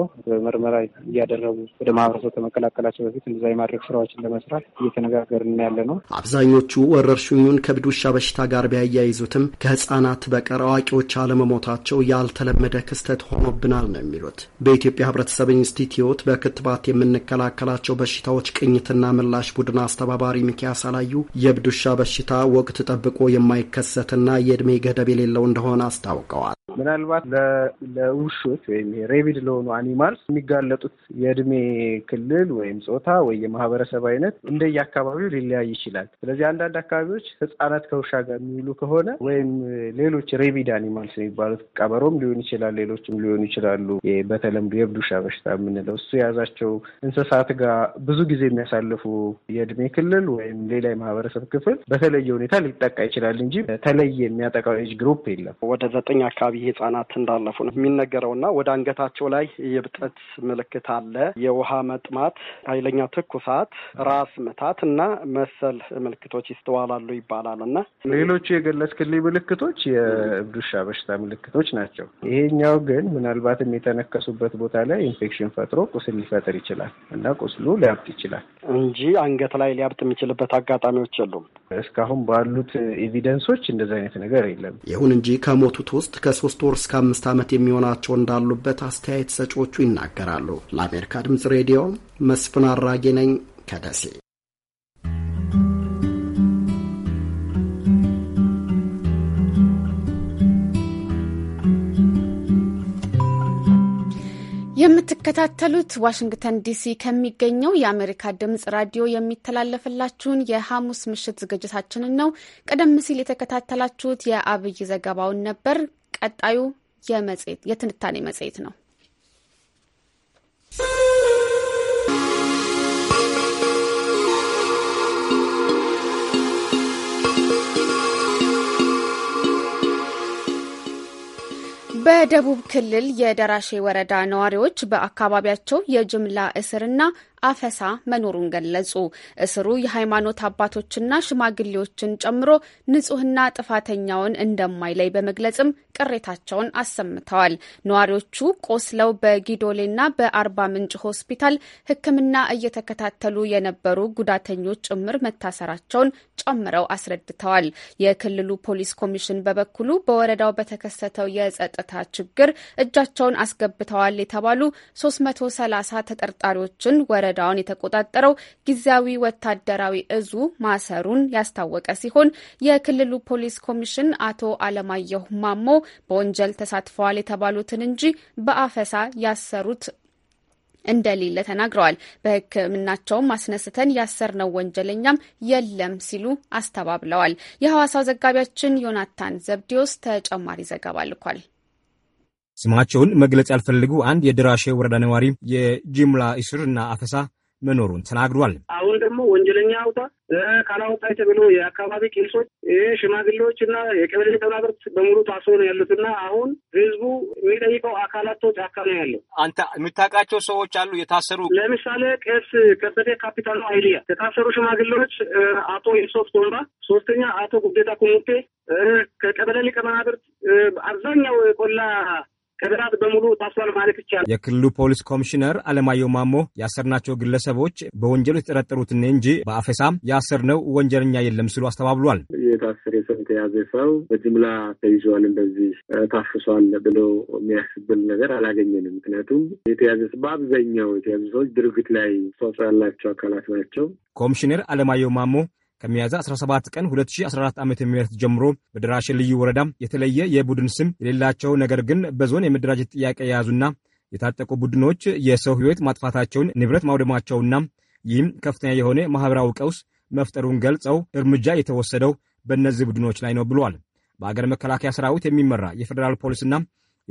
ምርመራ እያደረጉ ወደ ማህበረሰብ ከመቀላቀላቸው በፊት የማድረግ ስራዎችን ለመስራት እየተነጋገርን ያለ ነው። አብዛኞቹ ወረርሽኙን ከእብድ ውሻ በሽታ ጋር ቢያያይዙትም ከህጻናት በቀር አዋቂዎች አለመሞታቸው ያልተለመደ ክስተት ሆኖብናል ነው የሚሉት። በኢትዮጵያ ህብረተሰብ ኢንስቲትዩት በክትባት የምንከላከላቸው በሽታዎች ቅኝትና ምላሽ ቡድን አስተባባሪ ሚኪያስ አላዩ የእብድ ውሻ በሽታ ወቅት ጠብቆ የማይከሰትና የእድሜ ገደብ የሌለው እንደሆነ አስታውቀዋል። ምናልባት ለውሾች ወይም ሬቢድ ለሆኑ አኒማልስ የሚጋለጡት የእድሜ ክልል ወይም ጾታ ወይ የማህበረሰብ አይነት እንደየአካባቢው ሊለያይ ይችላል። ስለዚህ አንዳንድ አካባቢዎች ህጻናት ከውሻ ጋር የሚውሉ ከሆነ ወይም ሌሎች ሬቢድ አኒማልስ የሚባሉት ቀበሮም ሊሆን ይችላል፣ ሌሎችም ሊሆኑ ይችላሉ። በተለምዶ የእብድ ውሻ በሽታ የምንለው እሱ የያዛቸው እንስሳት ጋር ብዙ ጊዜ የሚያሳልፉ የእድሜ ክልል ወይም ሌላ የማህበረሰብ ክፍል በተለየ ሁኔታ ሊጠቃ ይችላል እንጂ ተለየ የሚያጠቃው ኤጅ ግሩፕ የለም። ወደ ዘጠኝ አካባቢ ህጻናት እንዳለፉ ነው የሚነገረው እና ወደ አንገታቸው ላይ የብጠት ምልክት አለ፣ የውሃ መጥማት፣ ኃይለኛ ትኩሳት፣ ራስ ምታት እና መሰል ምልክቶች ይስተዋላሉ ይባላል እና ሌሎቹ የገለጽክልኝ ምልክቶች የእብድ ውሻ በሽታ ምልክቶች ናቸው። ይሄኛው ግን ምናልባትም የተነከሱበት ቦታ ላይ ኢንፌክሽን ፈጥሮ ቁስል ሊፈጥር ይችላል እና ቁስሉ ሊያብጥ ይችላል እንጂ አንገት ላይ ሊያብጥ የሚችልበት አጋጣሚዎች የሉም። እስካሁን ባሉት ኤቪደንሶች እንደዚህ አይነት ነገር የለም። ይሁን እንጂ ከሞቱት ውስጥ ከሶ ከሶስት ወር እስከ አምስት ዓመት የሚሆናቸው እንዳሉበት አስተያየት ሰጪዎቹ ይናገራሉ። ለአሜሪካ ድምፅ ሬዲዮ መስፍን አራጌ ነኝ ከደሴ። የምትከታተሉት ዋሽንግተን ዲሲ ከሚገኘው የአሜሪካ ድምጽ ራዲዮ የሚተላለፍላችሁን የሐሙስ ምሽት ዝግጅታችንን ነው። ቀደም ሲል የተከታተላችሁት የአብይ ዘገባውን ነበር። ቀጣዩ የመጽሔት የትንታኔ መጽሔት ነው። በደቡብ ክልል የደራሼ ወረዳ ነዋሪዎች በአካባቢያቸው የጅምላ እስርና አፈሳ መኖሩን ገለጹ። እስሩ የሃይማኖት አባቶችና ሽማግሌዎችን ጨምሮ ንጹህና ጥፋተኛውን እንደማይለይ በመግለጽም ቅሬታቸውን አሰምተዋል። ነዋሪዎቹ ቆስለው በጊዶሌና በአርባ ምንጭ ሆስፒታል ሕክምና እየተከታተሉ የነበሩ ጉዳተኞች ጭምር መታሰራቸውን ጨምረው አስረድተዋል። የክልሉ ፖሊስ ኮሚሽን በበኩሉ በወረዳው በተከሰተው የጸጥታ ችግር እጃቸውን አስገብተዋል የተባሉ 330 ተጠርጣሪዎችን ወረ ወረዳውን የተቆጣጠረው ጊዜያዊ ወታደራዊ እዙ ማሰሩን ያስታወቀ ሲሆን የክልሉ ፖሊስ ኮሚሽን አቶ አለማየሁ ማሞ በወንጀል ተሳትፈዋል የተባሉትን እንጂ በአፈሳ ያሰሩት እንደሌለ ተናግረዋል። በሕክምናቸውም አስነስተን ያሰርነው ወንጀለኛም የለም ሲሉ አስተባብለዋል። የሐዋሳው ዘጋቢያችን ዮናታን ዘብዲዮስ ተጨማሪ ዘገባ ልኳል። ስማቸውን መግለጽ ያልፈልጉ አንድ የድራሼ ወረዳ ነዋሪ የጅምላ እስር እና አፈሳ መኖሩን ተናግሯል። አሁን ደግሞ ወንጀለኛ አውጣ ካላወጣ የተብሎ የአካባቢ ቄሶች፣ ሽማግሌዎች እና የቀበሌ ተናብርት በሙሉ ታስሮ ነው ያሉት እና አሁን ህዝቡ የሚጠይቀው አካላት ጫካ ነው ያለው። አንተ የምታውቃቸው ሰዎች አሉ የታሰሩ? ለምሳሌ ቄስ ከበደ ካፒታሉ አይልያ የታሰሩ ሽማግሌዎች አቶ ኢሶፍ ቶንባ ሶስተኛ አቶ ጉብዴታ ኩሙቴ ከቀበሌ ሊቀመናብርት አብዛኛው ቆላ ቀናት በሙሉ ታስሯል ማለት ይቻላል። የክልሉ ፖሊስ ኮሚሽነር አለማየሁ ማሞ ያሰርናቸው ግለሰቦች በወንጀሉ የተጠረጠሩትን እንጂ በአፈሳም ያሰርነው ወንጀለኛ የለም ሲሉ አስተባብሏል። የታሰረ ሰው የተያዘ ሰው በጅምላ ተይዟል፣ እንደዚህ ታፍሷል ብሎ የሚያስብል ነገር አላገኘንም። ምክንያቱም የተያዘ በአብዛኛው የተያዙ ሰዎች ድርጊት ላይ ተሳትፎ ያላቸው አካላት ናቸው። ኮሚሽነር አለማየሁ ማሞ ከሚያዝያ 17 ቀን 2014 ዓ ም ጀምሮ በደራሼ ልዩ ወረዳ የተለየ የቡድን ስም የሌላቸው ነገር ግን በዞን የመደራጀት ጥያቄ የያዙና የታጠቁ ቡድኖች የሰው ሕይወት ማጥፋታቸውን፣ ንብረት ማውደማቸውና ይህም ከፍተኛ የሆነ ማኅበራዊ ቀውስ መፍጠሩን ገልጸው እርምጃ የተወሰደው በእነዚህ ቡድኖች ላይ ነው ብሏል። በአገር መከላከያ ሰራዊት የሚመራ የፌዴራል ፖሊስና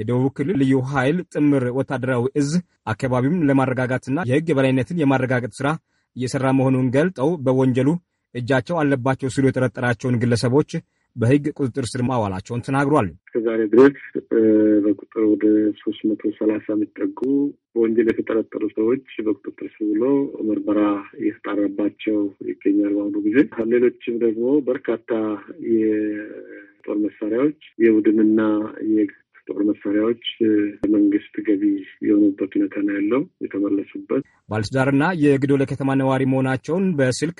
የደቡብ ክልል ልዩ ኃይል ጥምር ወታደራዊ እዝ አካባቢውን ለማረጋጋትና የሕግ የበላይነትን የማረጋገጥ ሥራ እየሠራ መሆኑን ገልጠው በወንጀሉ እጃቸው አለባቸው ሲሉ የጠረጠራቸውን ግለሰቦች በህግ ቁጥጥር ስር ማዋላቸውን ተናግሯል። እስከዛሬ ድረስ በቁጥር ወደ ሶስት መቶ ሰላሳ የሚጠጉ በወንጀል የተጠረጠሩ ሰዎች በቁጥጥር ስር ውለው ምርመራ እየተጣራባቸው ይገኛል። በአሁኑ ጊዜ ሌሎችም ደግሞ በርካታ የጦር መሳሪያዎች የቡድንና ጦር መሳሪያዎች መንግስት ገቢ የሆኑበት ሁኔታ ነው ያለው የተመለሱበት ባለትዳርና የግዶለ ከተማ ነዋሪ መሆናቸውን በስልክ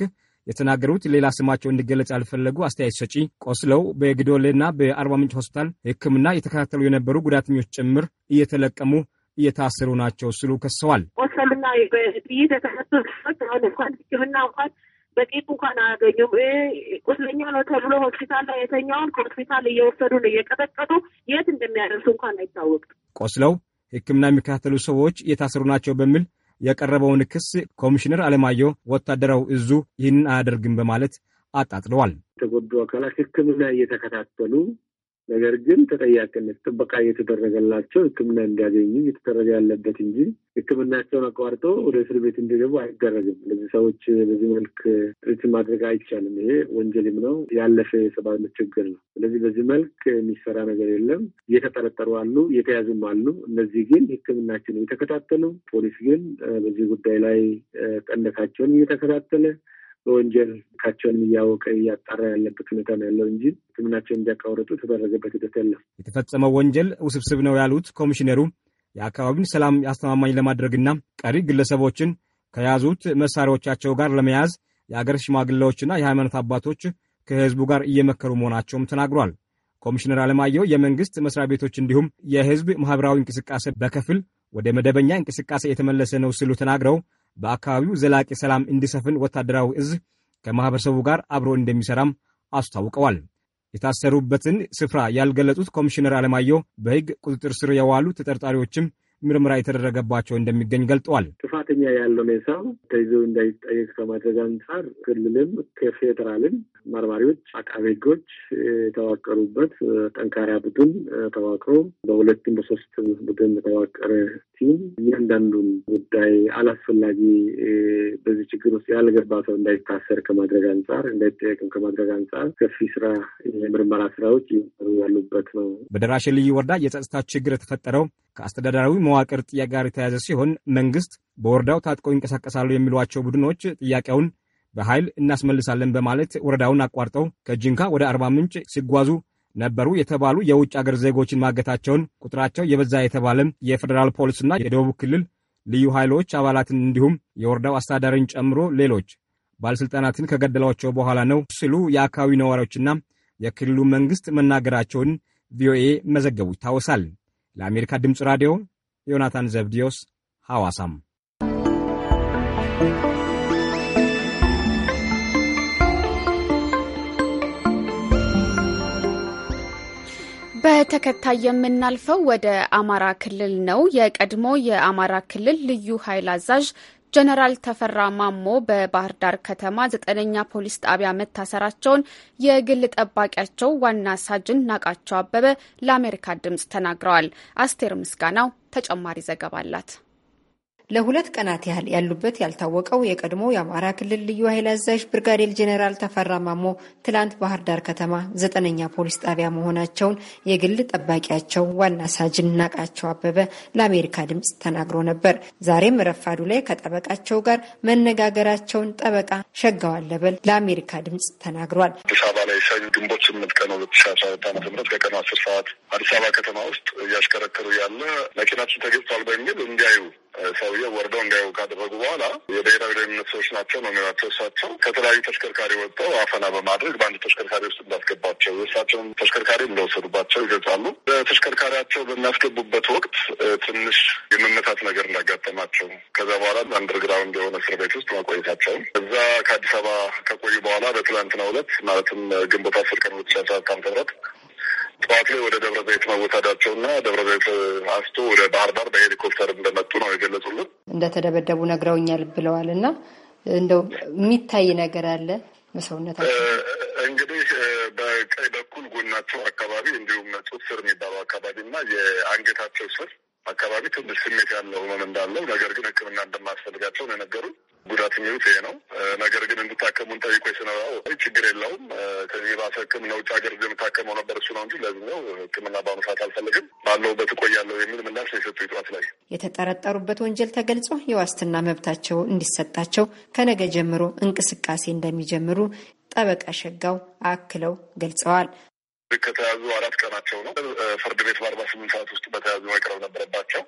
የተናገሩት ሌላ ስማቸው እንዲገለጽ ያልፈለጉ አስተያየት ሰጪ ቆስለው በግዶሌና በአርባ ምንጭ ሆስፒታል ሕክምና የተከታተሉ የነበሩ ጉዳተኞች ጭምር እየተለቀሙ እየታሰሩ ናቸው ሲሉ ከሰዋል። ቆሰሉና በጥይት የተመቱ ሰዎች አሁን እንኳን ሕክምና እንኳን በቂጡ እንኳን አያገኙም። ቁስለኛ ነው ተብሎ ሆስፒታል ላይ የተኛውን ከሆስፒታል እየወሰዱ ነው እየቀጠቀጡ የት እንደሚያደርሱ እንኳን አይታወቅም። ቆስለው ሕክምና የሚከታተሉ ሰዎች እየታሰሩ ናቸው በሚል የቀረበውን ክስ ኮሚሽነር አለማየሁ ወታደራዊ እዙ ይህንን አያደርግም በማለት አጣጥለዋል። የተጎዱ አካላት ሕክምና እየተከታተሉ ነገር ግን ተጠያቂነት ጥበቃ እየተደረገላቸው ሕክምና እንዲያገኙ እየተደረገ ያለበት እንጂ ሕክምናቸውን አቋርጠው ወደ እስር ቤት እንዲገቡ አይደረግም። እነዚህ ሰዎች በዚህ መልክ ትሪት ማድረግ አይቻልም። ይሄ ወንጀልም ነው፣ ያለፈ የሰብአዊነት ችግር ነው። ስለዚህ በዚህ መልክ የሚሰራ ነገር የለም። እየተጠረጠሩ አሉ፣ እየተያዙም አሉ። እነዚህ ግን ሕክምናቸውን እየተከታተሉ ፖሊስ ግን በዚህ ጉዳይ ላይ ጠነታቸውን እየተከታተለ በወንጀል ካቸውን እያወቀ እያጣራ ያለበት ሁኔታ ነው ያለው እንጂ ሕክምናቸውን እንዲያቋርጡ የተደረገበት ሂደት የለም። የተፈጸመው ወንጀል ውስብስብ ነው ያሉት ኮሚሽነሩ የአካባቢውን ሰላም አስተማማኝ ለማድረግና ቀሪ ግለሰቦችን ከያዙት መሳሪያዎቻቸው ጋር ለመያዝ የአገር ሽማግሌዎችና የሃይማኖት አባቶች ከህዝቡ ጋር እየመከሩ መሆናቸውም ተናግሯል። ኮሚሽነር አለማየሁ የመንግስት መስሪያ ቤቶች እንዲሁም የህዝብ ማህበራዊ እንቅስቃሴ በከፊል ወደ መደበኛ እንቅስቃሴ የተመለሰ ነው ሲሉ ተናግረው በአካባቢው ዘላቂ ሰላም እንዲሰፍን ወታደራዊ እዝ ከማህበረሰቡ ጋር አብሮ እንደሚሰራም አስታውቀዋል። የታሰሩበትን ስፍራ ያልገለጹት ኮሚሽነር አለማየሁ በሕግ ቁጥጥር ስር የዋሉ ተጠርጣሪዎችም ምርመራ የተደረገባቸው እንደሚገኝ ገልጠዋል። ጥፋተኛ ያልሆነ ሰው ተይዞ እንዳይጠየቅ ከማድረግ አንጻር ክልልም ከፌዴራልም መርማሪዎች፣ አቃቤ ሕጎች የተዋቀሩበት ጠንካራ ቡድን ተዋቅሮ በሁለትም በሶስት ቡድን የተዋቀረ ቲም እያንዳንዱን ጉዳይ አላስፈላጊ በዚህ ችግር ውስጥ ያልገባ ሰው እንዳይታሰር ከማድረግ አንጻር እንዳይጠየቅም ከማድረግ አንጻር ሰፊ ስራ የምርመራ ስራዎች እየሰሩ ያሉበት ነው። በደራሼ ልዩ ወረዳ የጸጥታ ችግር የተፈጠረው ከአስተዳደራዊ መዋቅር ጥያቄ ጋር የተያያዘ ሲሆን መንግስት በወረዳው ታጥቆ ይንቀሳቀሳሉ የሚሏቸው ቡድኖች ጥያቄውን በኃይል እናስመልሳለን በማለት ወረዳውን አቋርጠው ከጂንካ ወደ አርባ ምንጭ ሲጓዙ ነበሩ የተባሉ የውጭ አገር ዜጎችን ማገታቸውን ቁጥራቸው የበዛ የተባለም የፌዴራል ፖሊስና የደቡብ ክልል ልዩ ኃይሎች አባላትን እንዲሁም የወረዳው አስተዳዳሪን ጨምሮ ሌሎች ባለሥልጣናትን ከገደሏቸው በኋላ ነው ሲሉ የአካባቢ ነዋሪዎችና የክልሉ መንግሥት መናገራቸውን ቪኦኤ መዘገቡ ይታወሳል። ለአሜሪካ ድምፅ ራዲዮ ዮናታን ዘብዲዮስ ሐዋሳም በተከታይ የምናልፈው ወደ አማራ ክልል ነው። የቀድሞ የአማራ ክልል ልዩ ኃይል አዛዥ ጀነራል ተፈራ ማሞ በባህር ዳር ከተማ ዘጠነኛ ፖሊስ ጣቢያ መታሰራቸውን የግል ጠባቂያቸው ዋና ሳጅን ናቃቸው አበበ ለአሜሪካ ድምፅ ተናግረዋል። አስቴር ምስጋናው ተጨማሪ ዘገባ አላት። ለሁለት ቀናት ያህል ያሉበት ያልታወቀው የቀድሞ የአማራ ክልል ልዩ ኃይል አዛዥ ብርጋዴር ጄኔራል ተፈራ ማሞ ትላንት ባህር ዳር ከተማ ዘጠነኛ ፖሊስ ጣቢያ መሆናቸውን የግል ጠባቂያቸው ዋና ሳጅን ናቃቸው አበበ ለአሜሪካ ድምፅ ተናግሮ ነበር። ዛሬም ረፋዱ ላይ ከጠበቃቸው ጋር መነጋገራቸውን ጠበቃ ሸጋዋል ለበል ለአሜሪካ ድምፅ ተናግሯል። አዲስ አበባ ላይ ሰኞ ግንቦት ስምንት ቀን ሁለት ሺ አስራ ሁለት ዓመተ ምህረት ከቀኑ አስር ሰዓት አዲስ አበባ ከተማ ውስጥ እያሽከረከሩ ያለ መኪናችን ተገብቷል በሚል እንዲያዩ ሰውዬ ወርደው እንዳይወ ካደረጉ በኋላ የብሔራዊ ደህንነት ሰዎች ናቸው ነው የሚሏቸው። እሳቸው ከተለያዩ ተሽከርካሪ ወጥተው አፈና በማድረግ በአንድ ተሽከርካሪ ውስጥ እንዳስገባቸው የእሳቸውን ተሽከርካሪ እንደወሰዱባቸው ይገልጻሉ። በተሽከርካሪያቸው በሚያስገቡበት ወቅት ትንሽ የመመታት ነገር እንዳጋጠማቸው ከዛ በኋላ አንደርግራውንድ የሆነ እስር ቤት ውስጥ መቆየታቸውን እዛ ከአዲስ አበባ ከቆዩ በኋላ በትላንትናው ዕለት ማለትም ግንቦት አስር ቀን ሁለት ሺ አስራ ጠዋት ላይ ወደ ደብረ ዘይት መወሰዳቸውና ደብረ ዘይት አስቶ ወደ ባህር ዳር በሄሊኮፕተር እንደመጡ ነው የገለጹልን። እንደተደበደቡ ነግረውኛል ብለዋል። እና እንደው የሚታይ ነገር አለ በሰውነታቸው እንግዲህ በቀኝ በኩል ጎናቸው አካባቢ እንዲሁም ጡት ስር የሚባለው አካባቢ እና የአንገታቸው ስር አካባቢ ትንሽ ስሜት ያለው ህመም እንዳለው ነገር ግን ሕክምና እንደማስፈልጋቸው ነው የነገሩ። ጉዳት የሚሉት ይሄ ነው። ነገር ግን እንድታከሙን ጠይቆ ስነው ችግር የለውም ከዚህ ባሰ ሕክምና ውጭ ሀገር የምታከመው ነበር እሱ ነው እንጂ ለዚህ ነው ሕክምና በአሁኑ ሰዓት አልፈልግም ባለሁበት እቆያለሁ የሚል ምላሽ ነው የሰጡ ጠዋት ላይ። የተጠረጠሩበት ወንጀል ተገልጾ የዋስትና መብታቸው እንዲሰጣቸው ከነገ ጀምሮ እንቅስቃሴ እንደሚጀምሩ ጠበቃ ሸጋው አክለው ገልጸዋል። ከተያዙ አራት ቀናቸው ነው። ፍርድ ቤት በአርባ ስምንት ሰዓት ውስጥ በተያዙ መቅረብ ነበረባቸው።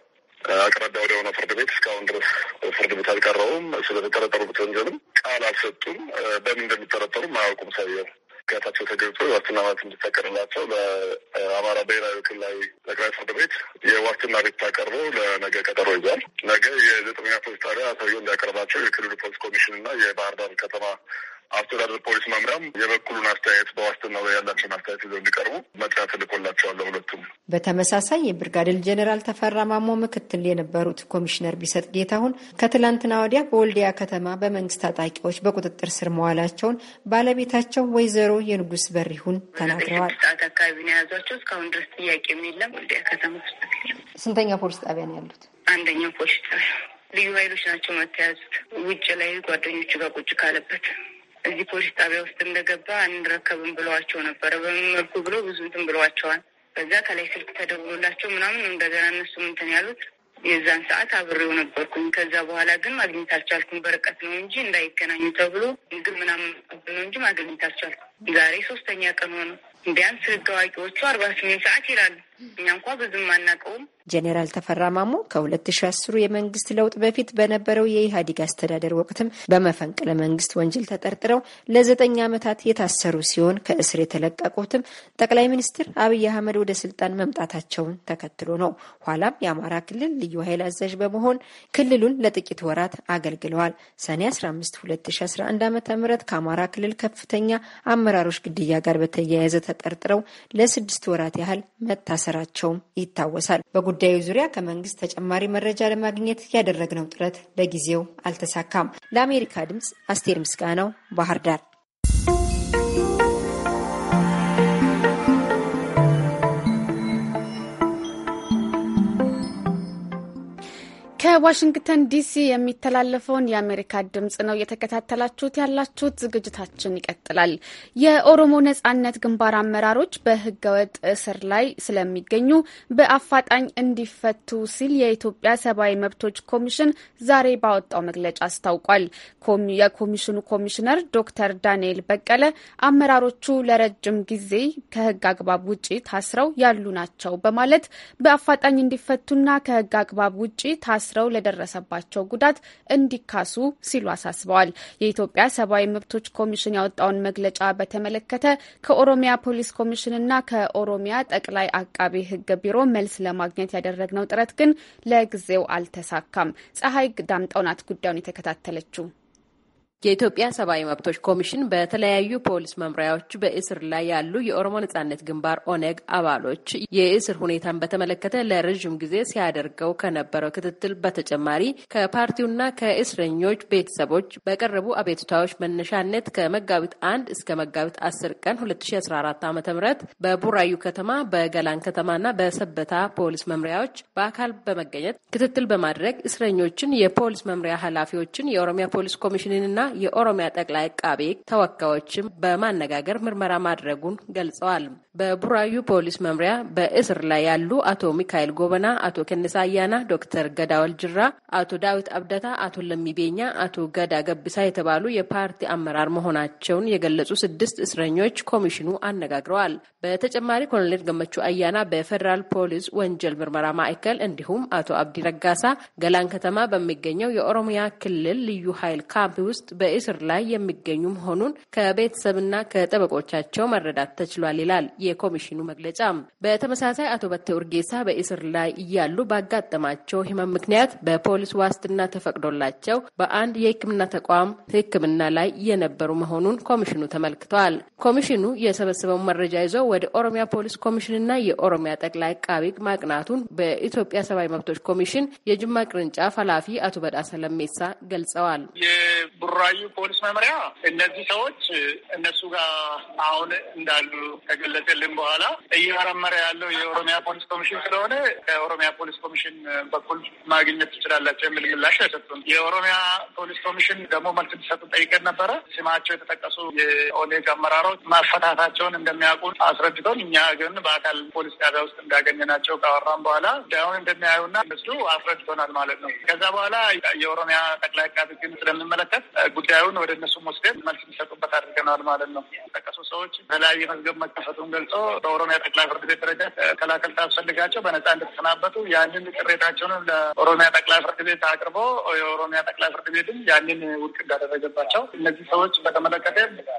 አቅራቢያ ወደ ሆነ ፍርድ ቤት እስካሁን ድረስ ፍርድ ቤት አልቀረቡም። ስለተጠረጠሩበት ወንጀልም ቃል አልሰጡም። በምን እንደሚጠረጠሩም አያውቁም። ሰውየው ጋታቸው ተገብቶ የዋስትና ማለት እንዲፈቀድላቸው በአማራ ብሔራዊ ክልላዊ ጠቅላይ ፍርድ ቤት የዋስትና ቤት አቀርቦ ለነገ ቀጠሮ ይዟል። ነገ የዘጠነኛ ፖሊስ ጣቢያ ሰውየው እንዲያቀርባቸው የክልሉ ፖሊስ ኮሚሽን እና የባህር ዳር ከተማ አስተዳደር ፖሊስ መምሪያም የበኩሉን አስተያየት በዋስትና ላይ ያላቸውን አስተያየት ይዘው እንዲቀርቡ መጥሪያ ተልኮላቸዋለ። ሁለቱም በተመሳሳይ የብርጋዴር ጄኔራል ተፈራ ማሞ ምክትል የነበሩት ኮሚሽነር ቢሰጥ ጌታሁን ከትላንትና ወዲያ በወልዲያ ከተማ በመንግስት ታጣቂዎች በቁጥጥር ስር መዋላቸውን ባለቤታቸው ወይዘሮ የንጉስ በሪሁን ተናግረዋል። ሰዓት አካባቢ ነው የያዟቸው። እስካሁን ድረስ ጥያቄም የለም። ወልዲያ ከተማ ውስጥ ስንተኛ ፖሊስ ጣቢያ ነው ያሉት? አንደኛው ፖሊስ ጣቢያ ልዩ ኃይሎች ናቸው መተያዙት ውጭ ላይ ጓደኞቹ ጋር ቁጭ ካለበት እዚህ ፖሊስ ጣቢያ ውስጥ እንደገባ አንረከብም ብለዋቸው ነበረ። በምን መልኩ ብሎ ብዙ እንትን ብለዋቸዋል። በዛ ከላይ ስልክ ተደውሎላቸው ምናምን እንደገና እነሱ እንትን ያሉት የዛን ሰዓት አብሬው ነበርኩኝ። ከዛ በኋላ ግን ማግኘት አልቻልኩም። በርቀት ነው እንጂ እንዳይገናኙ ተብሎ ምግብ ምናምን ነው እንጂ ማግኘት አልቻልኩም። ዛሬ ሶስተኛ ቀን ሆነ። ቢያንስ ህግ አዋቂዎቹ አርባ ስምንት ሰዓት ይላሉ እኛ እንኳ ብዙም አናውቀውም። ጄኔራል ተፈራ ማሞ ከሁለት ሺ አስሩ የመንግስት ለውጥ በፊት በነበረው የኢህአዴግ አስተዳደር ወቅትም በመፈንቅለ መንግስት ወንጀል ተጠርጥረው ለዘጠኝ ዓመታት የታሰሩ ሲሆን ከእስር የተለቀቁትም ጠቅላይ ሚኒስትር አብይ አህመድ ወደ ስልጣን መምጣታቸውን ተከትሎ ነው። ኋላም የአማራ ክልል ልዩ ኃይል አዛዥ በመሆን ክልሉን ለጥቂት ወራት አገልግለዋል። ሰኔ 15 2011 ዓ ም ከአማራ ክልል ከፍተኛ አመራሮች ግድያ ጋር በተያያዘ ተጠርጥረው ለስድስት ወራት ያህል መታሰር መታሰራቸውም ይታወሳል። በጉዳዩ ዙሪያ ከመንግስት ተጨማሪ መረጃ ለማግኘት ያደረግነው ጥረት ለጊዜው አልተሳካም። ለአሜሪካ ድምፅ አስቴር ምስጋናው ባህር ዳር። ከዋሽንግተን ዲሲ የሚተላለፈውን የአሜሪካ ድምጽ ነው እየተከታተላችሁት ያላችሁት። ዝግጅታችን ይቀጥላል። የኦሮሞ ነጻነት ግንባር አመራሮች በህገወጥ እስር ላይ ስለሚገኙ በአፋጣኝ እንዲፈቱ ሲል የኢትዮጵያ ሰብአዊ መብቶች ኮሚሽን ዛሬ ባወጣው መግለጫ አስታውቋል። የኮሚሽኑ ኮሚሽነር ዶክተር ዳንኤል በቀለ አመራሮቹ ለረጅም ጊዜ ከህግ አግባብ ውጪ ታስረው ያሉ ናቸው በማለት በአፋጣኝ እንዲፈቱና ከህግ አግባብ ውጪ ታስረው ተደርድረው ለደረሰባቸው ጉዳት እንዲካሱ ሲሉ አሳስበዋል። የኢትዮጵያ ሰብአዊ መብቶች ኮሚሽን ያወጣውን መግለጫ በተመለከተ ከኦሮሚያ ፖሊስ ኮሚሽንና ከኦሮሚያ ጠቅላይ አቃቤ ሕግ ቢሮ መልስ ለማግኘት ያደረግነው ጥረት ግን ለጊዜው አልተሳካም። ፀሐይ ዳምጠው ናት ጉዳዩን የተከታተለችው። የኢትዮጵያ ሰብአዊ መብቶች ኮሚሽን በተለያዩ ፖሊስ መምሪያዎች በእስር ላይ ያሉ የኦሮሞ ነጻነት ግንባር ኦነግ አባሎች የእስር ሁኔታን በተመለከተ ለረዥም ጊዜ ሲያደርገው ከነበረው ክትትል በተጨማሪ ከፓርቲውና ከእስረኞች ቤተሰቦች በቀረቡ አቤቱታዎች መነሻነት ከመጋቢት አንድ እስከ መጋቢት አስር ቀን 2014 ዓ ም በቡራዩ ከተማ በገላን ከተማና በሰበታ ፖሊስ መምሪያዎች በአካል በመገኘት ክትትል በማድረግ እስረኞችን፣ የፖሊስ መምሪያ ኃላፊዎችን፣ የኦሮሚያ ፖሊስ ኮሚሽንንና የኦሮሚያ ጠቅላይ አቃቤ ተወካዮችም በማነጋገር ምርመራ ማድረጉን ገልጸዋል። በቡራዩ ፖሊስ መምሪያ በእስር ላይ ያሉ አቶ ሚካኤል ጎበና፣ አቶ ከንሳ አያና፣ ዶክተር ገዳ ወልጅራ፣ አቶ ዳዊት አብደታ፣ አቶ ለሚቤኛ፣ አቶ ገዳ ገብሳ የተባሉ የፓርቲ አመራር መሆናቸውን የገለጹ ስድስት እስረኞች ኮሚሽኑ አነጋግረዋል። በተጨማሪ ኮሎኔል ገመቹ አያና በፌዴራል ፖሊስ ወንጀል ምርመራ ማዕከል እንዲሁም አቶ አብዲ ረጋሳ ገላን ከተማ በሚገኘው የኦሮሚያ ክልል ልዩ ኃይል ካምፕ ውስጥ በእስር ላይ የሚገኙ መሆኑን ከቤተሰብና ከጠበቆቻቸው መረዳት ተችሏል ይላል የኮሚሽኑ መግለጫ። በተመሳሳይ አቶ በቴ ኡርጌሳ በእስር ላይ እያሉ ባጋጠማቸው ህመም ምክንያት በፖሊስ ዋስትና ተፈቅዶላቸው በአንድ የህክምና ተቋም ህክምና ላይ የነበሩ መሆኑን ኮሚሽኑ ተመልክተዋል። ኮሚሽኑ የሰበሰበውን መረጃ ይዞ ወደ ኦሮሚያ ፖሊስ ኮሚሽንና የኦሮሚያ ጠቅላይ አቃቤ ማቅናቱን በኢትዮጵያ ሰብአዊ መብቶች ኮሚሽን የጅማ ቅርንጫፍ ኃላፊ አቶ በዳ ሰለሜሳ ገልጸዋል። የቡራ የአካባቢው ፖሊስ መምሪያ እነዚህ ሰዎች እነሱ ጋር አሁን እንዳሉ ከገለጸልን በኋላ እየመረመረ ያለው የኦሮሚያ ፖሊስ ኮሚሽን ስለሆነ ከኦሮሚያ ፖሊስ ኮሚሽን በኩል ማግኘት ትችላላቸው የሚል ምላሽ አይሰጡም። የኦሮሚያ ፖሊስ ኮሚሽን ደግሞ መልስ እንዲሰጡ ጠይቀን ነበረ። ስማቸው የተጠቀሱ የኦኔግ አመራሮች ማፈታታቸውን እንደሚያውቁ አስረድተውን እኛ ግን በአካል ፖሊስ ጣቢያ ውስጥ እንዳገኘናቸው ካወራን በኋላ ዳሁን እንደሚያዩና እነሱ አስረድቶናል ማለት ነው። ከዛ በኋላ የኦሮሚያ ጠቅላይ አቃቤ ሕግን ስለሚመለከት ጉዳዩን ወደ እነሱ ወስደን መልስ የሚሰጡበት አድርገናል ማለት ነው። የጠቀሱ ሰዎች የተለያየ መዝገብ መከፈቱን ገልጾ በኦሮሚያ ጠቅላይ ፍርድ ቤት ደረጃ ከላከል ታስፈልጋቸው በነጻ እንደተሰናበቱ ያንን ቅሬታቸውንም ለኦሮሚያ ጠቅላይ ፍርድ ቤት አቅርቦ የኦሮሚያ ጠቅላይ ፍርድ ቤትም ያንን ውድቅ እንዳደረገባቸው እነዚህ ሰዎች በተመለከተ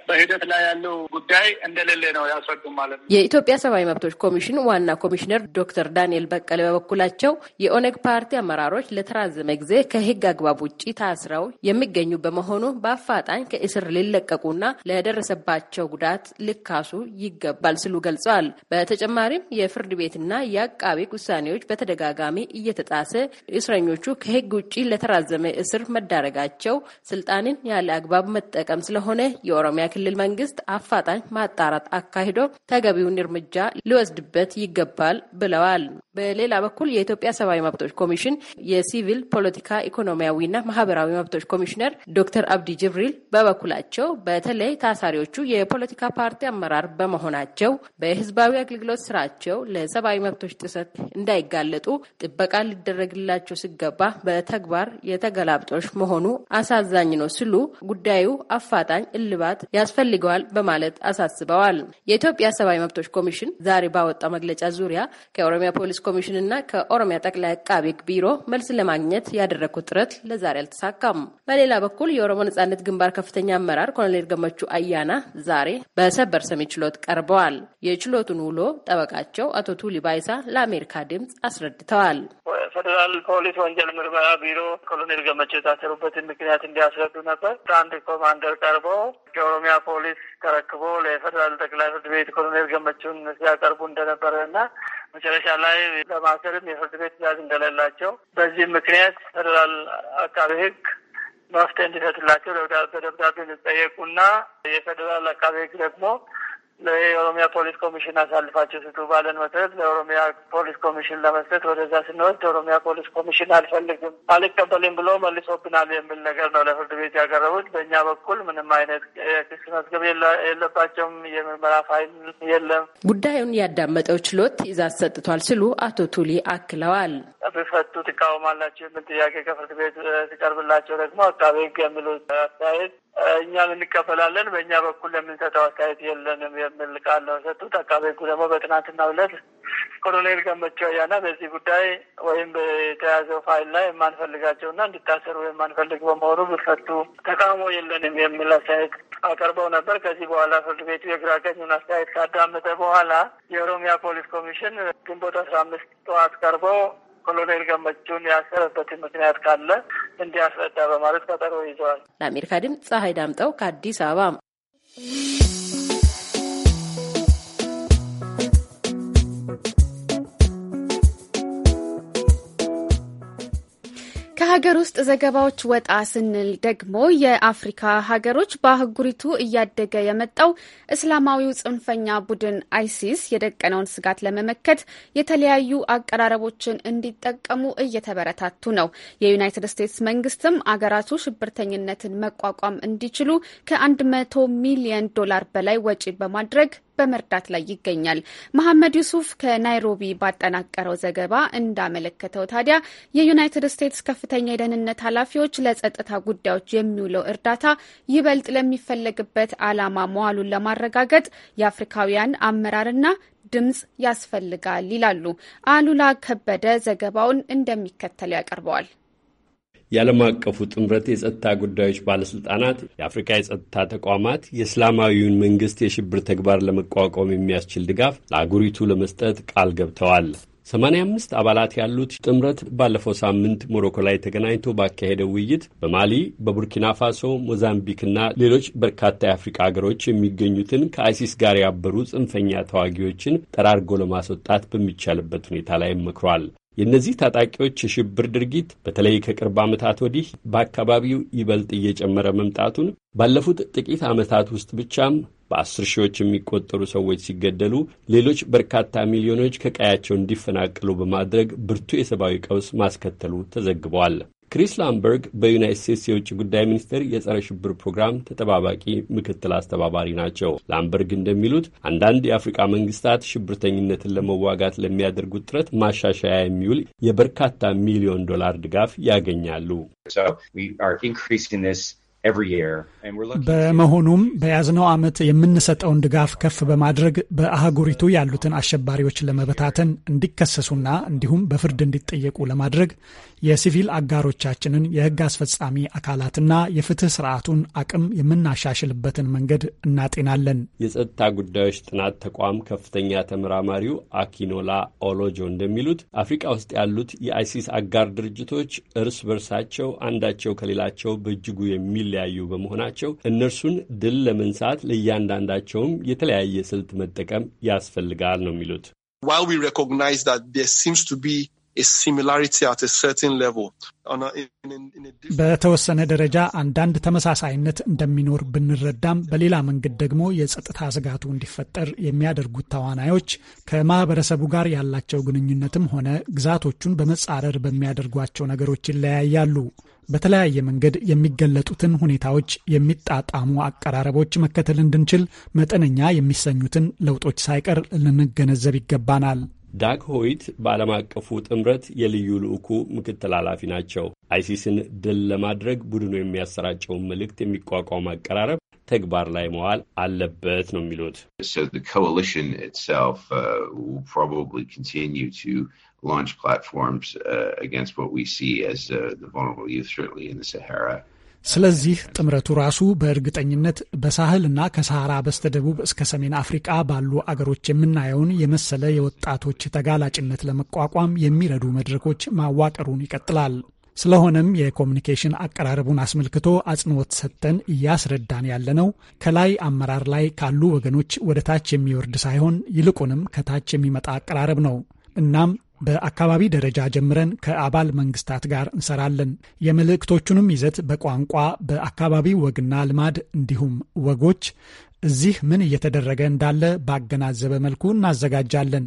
በሂደት ላይ ያለው ጉዳይ እንደሌለ ነው ያስረዱ ማለት ነው። የኢትዮጵያ ሰብአዊ መብቶች ኮሚሽን ዋና ኮሚሽነር ዶክተር ዳንኤል በቀለ በበኩላቸው የኦነግ ፓርቲ አመራሮች ለተራዘመ ጊዜ ከህግ አግባብ ውጭ ታስረው የሚገኙ በመሆኑ በአፋጣኝ ከእስር ሊለቀቁና ለደረሰባቸው ጉዳት ሊካሱ ይገባል ሲሉ ገልጸዋል። በተጨማሪም የፍርድ ቤትና የአቃቤ ውሳኔዎች በተደጋጋሚ እየተጣሰ እስረኞቹ ከሕግ ውጭ ለተራዘመ እስር መዳረጋቸው ስልጣንን ያለ አግባብ መጠቀም ስለሆነ የኦሮሚያ ክልል መንግስት አፋጣኝ ማጣራት አካሂዶ ተገቢውን እርምጃ ሊወስድበት ይገባል ብለዋል። በሌላ በኩል የኢትዮጵያ ሰብአዊ መብቶች ኮሚሽን የሲቪል ፖለቲካ፣ ኢኮኖሚያዊና ማህበራዊ መብቶች ኮሚሽነር ዶክተር አብዲ ጅብሪል በበኩላቸው በተለይ ታሳሪዎቹ የፖለቲካ ፓርቲ አመራር በመሆናቸው በህዝባዊ አገልግሎት ስራቸው ለሰብአዊ መብቶች ጥሰት እንዳይጋለጡ ጥበቃ ሊደረግላቸው ሲገባ በተግባር የተገላብጦች መሆኑ አሳዛኝ ነው ሲሉ ጉዳዩ አፋጣኝ እልባት ያስፈልገዋል በማለት አሳስበዋል። የኢትዮጵያ ሰብአዊ መብቶች ኮሚሽን ዛሬ ባወጣው መግለጫ ዙሪያ ከኦሮሚያ ፖሊስ ኮሚሽን እና ከኦሮሚያ ጠቅላይ አቃቤ ቢሮ መልስ ለማግኘት ያደረግኩት ጥረት ለዛሬ አልተሳካም። በሌላ በኩል የኦሮሞ ነጻነት ግንባር ከፍተኛ አመራር ኮሎኔል ገመቹ አያና ዛሬ በሰበር ሰሚ ችሎት ቀርበዋል። የችሎቱን ውሎ ጠበቃቸው አቶ ቱሊ ባይሳ ለአሜሪካ ድምፅ አስረድተዋል። ፌዴራል ፖሊስ ወንጀል ምርመራ ቢሮ ኮሎኔል ገመቹ የታሰሩበትን ምክንያት እንዲያስረዱ ነበር። ከአንድ ኮማንደር ቀርቦ ከኦሮሚያ ፖሊስ ተረክቦ ለፌዴራል ጠቅላይ ፍርድ ቤት ኮሎኔል ገመቹን ሲያቀርቡ እንደነበረ እና መጨረሻ ላይ ለማሰርም የፍርድ ቤት ትዕዛዝ እንደሌላቸው በዚህም ምክንያት ፌዴራል አቃቤ ሕግ መፍትሄ እንዲፈትላቸው በደብዳቤ እንጠየቁና የፌዴራል አቃቤ ሕግ ደግሞ ለኦሮሚያ ፖሊስ ኮሚሽን አሳልፋቸው ስጡ ባለን መሰረት ለኦሮሚያ ፖሊስ ኮሚሽን ለመስጠት ወደዛ ስንወስድ ኦሮሚያ ፖሊስ ኮሚሽን አልፈልግም፣ አልቀበልም ብሎ መልሶብናል የሚል ነገር ነው ለፍርድ ቤት ያቀረቡት። በእኛ በኩል ምንም አይነት ክስ መዝገብ የለባቸውም፣ የምርመራ ፋይል የለም። ጉዳዩን ያዳመጠው ችሎት ትዕዛዝ ሰጥቷል ሲሉ አቶ ቱሊ አክለዋል። ቢፈቱ ትቃወማላቸው የሚል ጥያቄ ከፍርድ ቤት ሲቀርብላቸው ደግሞ አቃቤ ሕግ የሚሉት አስተያየት እኛም እንቀበላለን፣ በእኛ በኩል የምንሰጠው አስተያየት የለንም የሚል ቃል ነው የሰጡት። አቃቤ ሕጉ ደግሞ በትናንትናው ዕለት ኮሎኔል ገመቸው አያና በዚህ ጉዳይ ወይም በተያዘው ፋይል ላይ የማንፈልጋቸው የማንፈልጋቸውና እንዲታሰሩ የማንፈልግ በመሆኑ ብፈቱ ተቃውሞ የለንም የሚል አስተያየት አቀርበው ነበር። ከዚህ በኋላ ፍርድ ቤቱ የግራ ቀኙን አስተያየት ካዳመጠ በኋላ የኦሮሚያ ፖሊስ ኮሚሽን ግንቦት አስራ አምስት ጠዋት ቀርበው ኮሎኔል ገመቹን ያሰረበትን ምክንያት ካለ እንዲያስረዳ በማለት ቀጠሮ ይዘዋል። ለአሜሪካ ድምፅ ፀሐይ ዳምጠው ከአዲስ አበባ ከሀገር ውስጥ ዘገባዎች ወጣ ስንል ደግሞ የአፍሪካ ሀገሮች በአህጉሪቱ እያደገ የመጣው እስላማዊው ጽንፈኛ ቡድን አይሲስ የደቀነውን ስጋት ለመመከት የተለያዩ አቀራረቦችን እንዲጠቀሙ እየተበረታቱ ነው። የዩናይትድ ስቴትስ መንግስትም አገራቱ ሽብርተኝነትን መቋቋም እንዲችሉ ከአንድ መቶ ሚሊየን ዶላር በላይ ወጪ በማድረግ በመርዳት ላይ ይገኛል። መሐመድ ዩሱፍ ከናይሮቢ ባጠናቀረው ዘገባ እንዳመለከተው ታዲያ የዩናይትድ ስቴትስ ከፍተኛ የደህንነት ኃላፊዎች ለጸጥታ ጉዳዮች የሚውለው እርዳታ ይበልጥ ለሚፈለግበት ዓላማ መዋሉን ለማረጋገጥ የአፍሪካውያን አመራርና ድምፅ ያስፈልጋል ይላሉ። አሉላ ከበደ ዘገባውን እንደሚከተለው ያቀርበዋል። የዓለም አቀፉ ጥምረት የጸጥታ ጉዳዮች ባለሥልጣናት የአፍሪካ የጸጥታ ተቋማት የእስላማዊውን መንግሥት የሽብር ተግባር ለመቋቋም የሚያስችል ድጋፍ ለአህጉሪቱ ለመስጠት ቃል ገብተዋል። 85 አባላት ያሉት ጥምረት ባለፈው ሳምንት ሞሮኮ ላይ ተገናኝቶ ባካሄደው ውይይት በማሊ፣ በቡርኪና ፋሶ፣ ሞዛምቢክና ሌሎች በርካታ የአፍሪካ አገሮች የሚገኙትን ከአይሲስ ጋር ያበሩ ጽንፈኛ ተዋጊዎችን ጠራርጎ ለማስወጣት በሚቻልበት ሁኔታ ላይ መክሯል። የእነዚህ ታጣቂዎች የሽብር ድርጊት በተለይ ከቅርብ ዓመታት ወዲህ በአካባቢው ይበልጥ እየጨመረ መምጣቱን ባለፉት ጥቂት ዓመታት ውስጥ ብቻም በአስር ሺዎች የሚቆጠሩ ሰዎች ሲገደሉ ሌሎች በርካታ ሚሊዮኖች ከቀያቸው እንዲፈናቀሉ በማድረግ ብርቱ የሰብአዊ ቀውስ ማስከተሉ ተዘግበዋል። ክሪስ ላምበርግ በዩናይት ስቴትስ የውጭ ጉዳይ ሚኒስቴር የጸረ ሽብር ፕሮግራም ተጠባባቂ ምክትል አስተባባሪ ናቸው። ላምበርግ እንደሚሉት አንዳንድ የአፍሪቃ መንግስታት ሽብርተኝነትን ለመዋጋት ለሚያደርጉት ጥረት ማሻሻያ የሚውል የበርካታ ሚሊዮን ዶላር ድጋፍ ያገኛሉ። በመሆኑም በያዝነው ዓመት የምንሰጠውን ድጋፍ ከፍ በማድረግ በአህጉሪቱ ያሉትን አሸባሪዎች ለመበታተን እንዲከሰሱና እንዲሁም በፍርድ እንዲጠየቁ ለማድረግ የሲቪል አጋሮቻችንን የህግ አስፈጻሚ አካላትና የፍትህ ስርዓቱን አቅም የምናሻሽልበትን መንገድ እናጤናለን። የጸጥታ ጉዳዮች ጥናት ተቋም ከፍተኛ ተመራማሪው አኪኖላ ኦሎጆ እንደሚሉት አፍሪቃ ውስጥ ያሉት የአይሲስ አጋር ድርጅቶች እርስ በርሳቸው አንዳቸው ከሌላቸው በእጅጉ የሚለያዩ በመሆናቸው እነርሱን ድል ለመንሳት ለእያንዳንዳቸውም የተለያየ ስልት መጠቀም ያስፈልጋል ነው የሚሉት። while we recognize that there seems to be Uh, በተወሰነ ደረጃ አንዳንድ ተመሳሳይነት እንደሚኖር ብንረዳም በሌላ መንገድ ደግሞ የጸጥታ ስጋቱ እንዲፈጠር የሚያደርጉት ተዋናዮች ከማህበረሰቡ ጋር ያላቸው ግንኙነትም ሆነ ግዛቶቹን በመጻረር በሚያደርጓቸው ነገሮች ይለያያሉ። በተለያየ መንገድ የሚገለጡትን ሁኔታዎች የሚጣጣሙ አቀራረቦች መከተል እንድንችል መጠነኛ የሚሰኙትን ለውጦች ሳይቀር ልንገነዘብ ይገባናል። ዳግ ሆይት በዓለም አቀፉ ጥምረት የልዩ ልዑኩ ምክትል ኃላፊ ናቸው። አይሲስን ድል ለማድረግ ቡድኑ የሚያሰራጨውን መልእክት የሚቋቋም አቀራረብ ተግባር ላይ መዋል አለበት ነው የሚሉት። uh, launch platforms uh, against what we see as uh, the vulnerable youth, certainly in the Sahara. ስለዚህ ጥምረቱ ራሱ በእርግጠኝነት በሳህልና ከሰሃራ በስተደቡብ እስከ ሰሜን አፍሪቃ ባሉ አገሮች የምናየውን የመሰለ የወጣቶች ተጋላጭነት ለመቋቋም የሚረዱ መድረኮች ማዋቀሩን ይቀጥላል። ስለሆነም የኮሚኒኬሽን አቀራረቡን አስመልክቶ አጽንኦት ሰጥተን እያስረዳን ያለነው ከላይ አመራር ላይ ካሉ ወገኖች ወደ ታች የሚወርድ ሳይሆን ይልቁንም ከታች የሚመጣ አቀራረብ ነው። እናም በአካባቢ ደረጃ ጀምረን ከአባል መንግስታት ጋር እንሰራለን። የመልእክቶቹንም ይዘት በቋንቋ በአካባቢ ወግና ልማድ እንዲሁም ወጎች እዚህ ምን እየተደረገ እንዳለ ባገናዘበ መልኩ እናዘጋጃለን።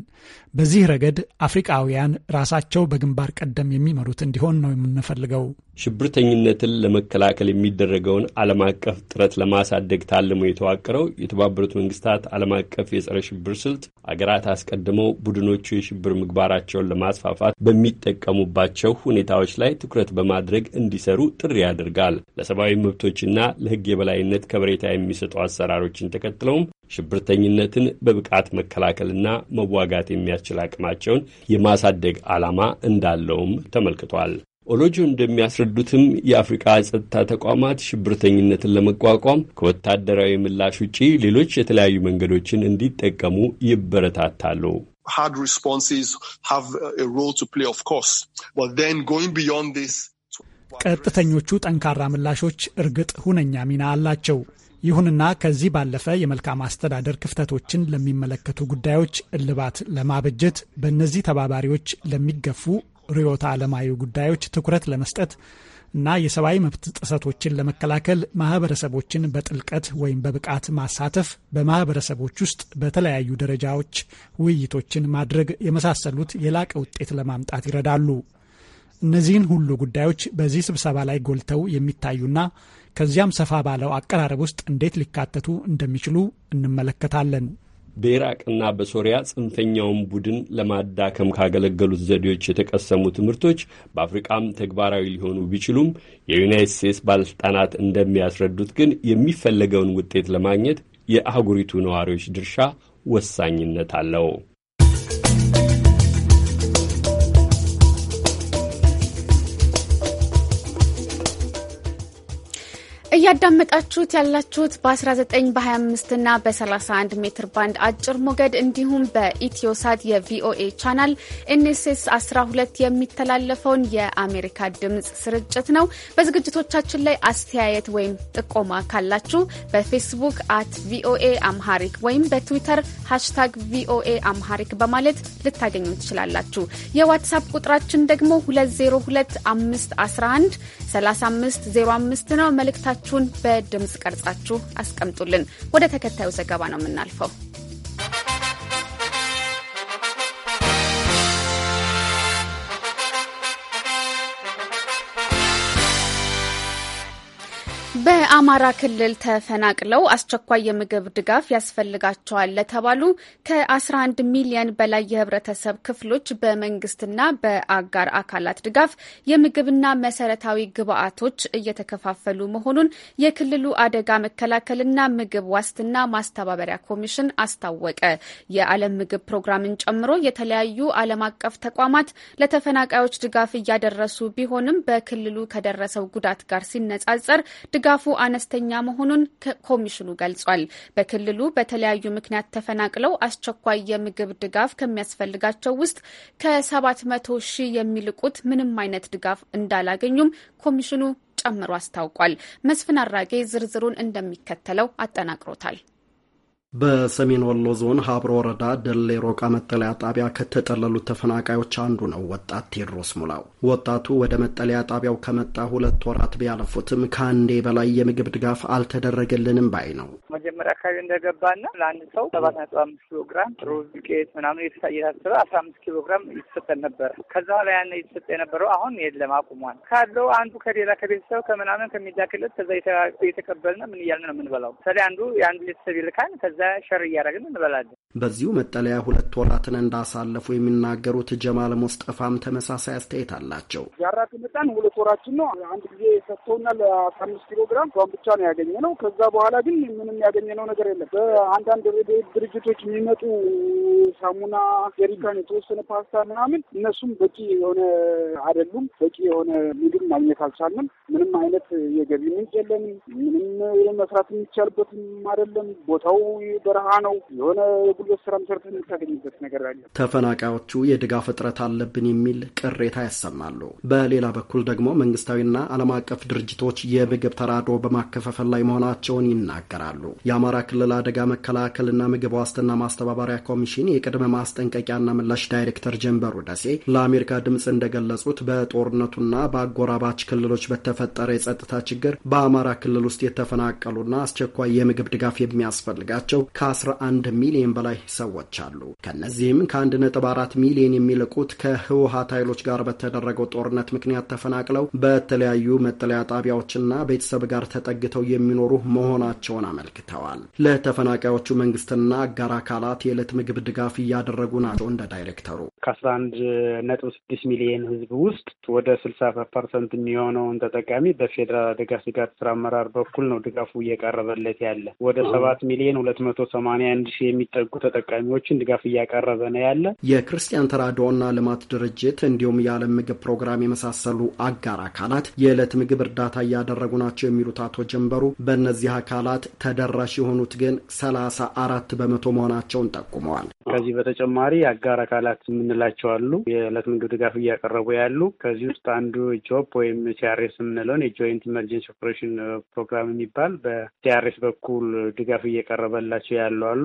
በዚህ ረገድ አፍሪቃውያን ራሳቸው በግንባር ቀደም የሚመሩት እንዲሆን ነው የምንፈልገው። ሽብርተኝነትን ለመከላከል የሚደረገውን ዓለም አቀፍ ጥረት ለማሳደግ ታልሞ የተዋቀረው የተባበሩት መንግስታት ዓለም አቀፍ የጸረ ሽብር ስልት አገራት አስቀድመው ቡድኖቹ የሽብር ምግባራቸውን ለማስፋፋት በሚጠቀሙባቸው ሁኔታዎች ላይ ትኩረት በማድረግ እንዲሰሩ ጥሪ ያደርጋል። ለሰብአዊ መብቶችና ለሕግ የበላይነት ከበሬታ የሚሰጡ አሰራሮችን ተከትለውም ሽብርተኝነትን በብቃት መከላከልና መዋጋት የሚያስችል አቅማቸውን የማሳደግ ዓላማ እንዳለውም ተመልክቷል። ኦሎጆ እንደሚያስረዱትም የአፍሪቃ ጸጥታ ተቋማት ሽብርተኝነትን ለመቋቋም ከወታደራዊ ምላሽ ውጪ ሌሎች የተለያዩ መንገዶችን እንዲጠቀሙ ይበረታታሉ። ቀጥተኞቹ ጠንካራ ምላሾች እርግጥ ሁነኛ ሚና አላቸው። ይሁንና ከዚህ ባለፈ የመልካም አስተዳደር ክፍተቶችን ለሚመለከቱ ጉዳዮች እልባት ለማበጀት በእነዚህ ተባባሪዎች ለሚገፉ ርዕዮተ ዓለማዊ ጉዳዮች ትኩረት ለመስጠት እና የሰብአዊ መብት ጥሰቶችን ለመከላከል ማህበረሰቦችን በጥልቀት ወይም በብቃት ማሳተፍ፣ በማህበረሰቦች ውስጥ በተለያዩ ደረጃዎች ውይይቶችን ማድረግ የመሳሰሉት የላቀ ውጤት ለማምጣት ይረዳሉ። እነዚህን ሁሉ ጉዳዮች በዚህ ስብሰባ ላይ ጎልተው የሚታዩና ከዚያም ሰፋ ባለው አቀራረብ ውስጥ እንዴት ሊካተቱ እንደሚችሉ እንመለከታለን። በኢራቅና በሶሪያ ጽንፈኛውን ቡድን ለማዳከም ካገለገሉት ዘዴዎች የተቀሰሙ ትምህርቶች በአፍሪቃም ተግባራዊ ሊሆኑ ቢችሉም የዩናይት ስቴትስ ባለሥልጣናት እንደሚያስረዱት ግን የሚፈለገውን ውጤት ለማግኘት የአህጉሪቱ ነዋሪዎች ድርሻ ወሳኝነት አለው። እያዳመጣችሁት ያላችሁት በ19 በ25 እና በ31 ሜትር ባንድ አጭር ሞገድ እንዲሁም በኢትዮሳት የቪኦኤ ቻናል ኤንኤስኤስ 12 የሚተላለፈውን የአሜሪካ ድምፅ ስርጭት ነው። በዝግጅቶቻችን ላይ አስተያየት ወይም ጥቆማ ካላችሁ በፌስቡክ አት ቪኦኤ አምሃሪክ ወይም በትዊተር ሃሽታግ ቪኦኤ አምሃሪክ በማለት ልታገኙ ትችላላችሁ። የዋትሳፕ ቁጥራችን ደግሞ 2025113505 ነው። መልእክታችሁ አስተያየቶቻችሁን በድምፅ ቀርጻችሁ አስቀምጡልን። ወደ ተከታዩ ዘገባ ነው የምናልፈው። በአማራ ክልል ተፈናቅለው አስቸኳይ የምግብ ድጋፍ ያስፈልጋቸዋል ለተባሉ ከ11 ሚሊየን በላይ የህብረተሰብ ክፍሎች በመንግስትና በአጋር አካላት ድጋፍ የምግብና መሰረታዊ ግብዓቶች እየተከፋፈሉ መሆኑን የክልሉ አደጋ መከላከልና ምግብ ዋስትና ማስተባበሪያ ኮሚሽን አስታወቀ። የዓለም ምግብ ፕሮግራምን ጨምሮ የተለያዩ ዓለም አቀፍ ተቋማት ለተፈናቃዮች ድጋፍ እያደረሱ ቢሆንም በክልሉ ከደረሰው ጉዳት ጋር ሲነጻጸር ድጋፉ አነስተኛ መሆኑን ኮሚሽኑ ገልጿል። በክልሉ በተለያዩ ምክንያት ተፈናቅለው አስቸኳይ የምግብ ድጋፍ ከሚያስፈልጋቸው ውስጥ ከ700 ሺህ የሚልቁት ምንም አይነት ድጋፍ እንዳላገኙም ኮሚሽኑ ጨምሮ አስታውቋል። መስፍን አራጌ ዝርዝሩን እንደሚከተለው አጠናቅሮታል። በሰሜን ወሎ ዞን ሀብሮ ወረዳ ደሌ ሮቃ መጠለያ ጣቢያ ከተጠለሉት ተፈናቃዮች አንዱ ነው ወጣት ቴድሮስ ሙላው። ወጣቱ ወደ መጠለያ ጣቢያው ከመጣ ሁለት ወራት ቢያለፉትም ከአንዴ በላይ የምግብ ድጋፍ አልተደረገልንም ባይ ነው። መጀመሪያ አካባቢ እንደገባና ለአንድ ሰው ሰባት ነጥብ አምስት ኪሎ ግራም ሩዝ ዱቄት ምናምን እየታሰበ አስራ አምስት ኪሎ ግራም ይሰጠን ነበረ። ከዛ በኋላ ያን ይሰጠ የነበረው አሁን የለም አቁሟል። ካለው አንዱ ከሌላ ከቤተሰብ ከምናምን ከሚላክለት ከዛ የተቀበልና ምን እያልን ነው የምንበላው። አንዱ የአንዱ ቤተሰብ ይልካል ከዛ ለሸር እያደረግን እንበላለን። በዚሁ መጠለያ ሁለት ወራትን እንዳሳለፉ የሚናገሩት ጀማል ሙስጠፋም ተመሳሳይ አስተያየት አላቸው። የአራት መጣን ሁለት ወራችን ነው። አንድ ጊዜ ሰጥተውናል አስራ አምስት ኪሎ ግራም እሷን ብቻ ነው ነው። ከዛ በኋላ ግን ምንም ያገኘነው ነገር የለም። በአንዳንድ ድርጅቶች የሚመጡ ሳሙና፣ ጀሪካን፣ የተወሰነ ፓስታ ምናምን እነሱም በቂ የሆነ አይደሉም። በቂ የሆነ ምግብ ማግኘት አልቻልንም። ምንም አይነት የገቢ ምንጭ የለንም። ምንም መስራት የሚቻልበትም አይደለም። ቦታው በረሃ ነው የሆነ ሁሉ ስራ መሰረት የምታገኝበት ነገር አለ። ተፈናቃዮቹ የድጋፍ እጥረት አለብን የሚል ቅሬታ ያሰማሉ። በሌላ በኩል ደግሞ መንግስታዊና ዓለም አቀፍ ድርጅቶች የምግብ ተራድኦ በማከፋፈል ላይ መሆናቸውን ይናገራሉ። የአማራ ክልል አደጋ መከላከልና ምግብ ዋስትና ማስተባበሪያ ኮሚሽን የቅድመ ማስጠንቀቂያና ምላሽ ዳይሬክተር ጀንበሩ ደሴ ለአሜሪካ ድምፅ እንደገለጹት በጦርነቱና በአጎራባች ክልሎች በተፈጠረ የጸጥታ ችግር በአማራ ክልል ውስጥ የተፈናቀሉና አስቸኳይ የምግብ ድጋፍ የሚያስፈልጋቸው ከ11 ሚሊዮን በላይ በላይ ሰዎች አሉ። ከእነዚህም ከ1.4 ሚሊዮን የሚልቁት ከህወሀት ኃይሎች ጋር በተደረገው ጦርነት ምክንያት ተፈናቅለው በተለያዩ መጠለያ ጣቢያዎችና ቤተሰብ ጋር ተጠግተው የሚኖሩ መሆናቸውን አመልክተዋል። ለተፈናቃዮቹ መንግስትና አጋር አካላት የዕለት ምግብ ድጋፍ እያደረጉ ናቸው። እንደ ዳይሬክተሩ ከአስራ አንድ ነጥብ ስድስት ሚሊዮን ህዝብ ውስጥ ወደ ስልሳ ፐርሰንት የሚሆነውን ተጠቃሚ በፌዴራል አደጋ ስጋት ስራ አመራር በኩል ነው ድጋፉ እየቀረበለት ያለ ወደ ሰባት ሚሊዮን ሁለት መቶ ሰማኒያ አንድ ሺህ የሚጠጉት ተጠቃሚዎችን ድጋፍ እያቀረበ ነው ያለ የክርስቲያን ተራድኦና ልማት ድርጅት እንዲሁም የዓለም ምግብ ፕሮግራም የመሳሰሉ አጋር አካላት የዕለት ምግብ እርዳታ እያደረጉ ናቸው የሚሉት አቶ ጀንበሩ በእነዚህ አካላት ተደራሽ የሆኑት ግን ሰላሳ አራት በመቶ መሆናቸውን ጠቁመዋል። ከዚህ በተጨማሪ አጋር አካላት የምንላቸው አሉ የዕለት ምግብ ድጋፍ እያቀረቡ ያሉ ከዚህ ውስጥ አንዱ ጆፕ ወይም ሲአርኤስ የምንለውን የጆይንት ኢመርጀንሲ ኦፕሬሽን ፕሮግራም የሚባል በሲአርኤስ በኩል ድጋፍ እየቀረበላቸው ያሉ አሉ።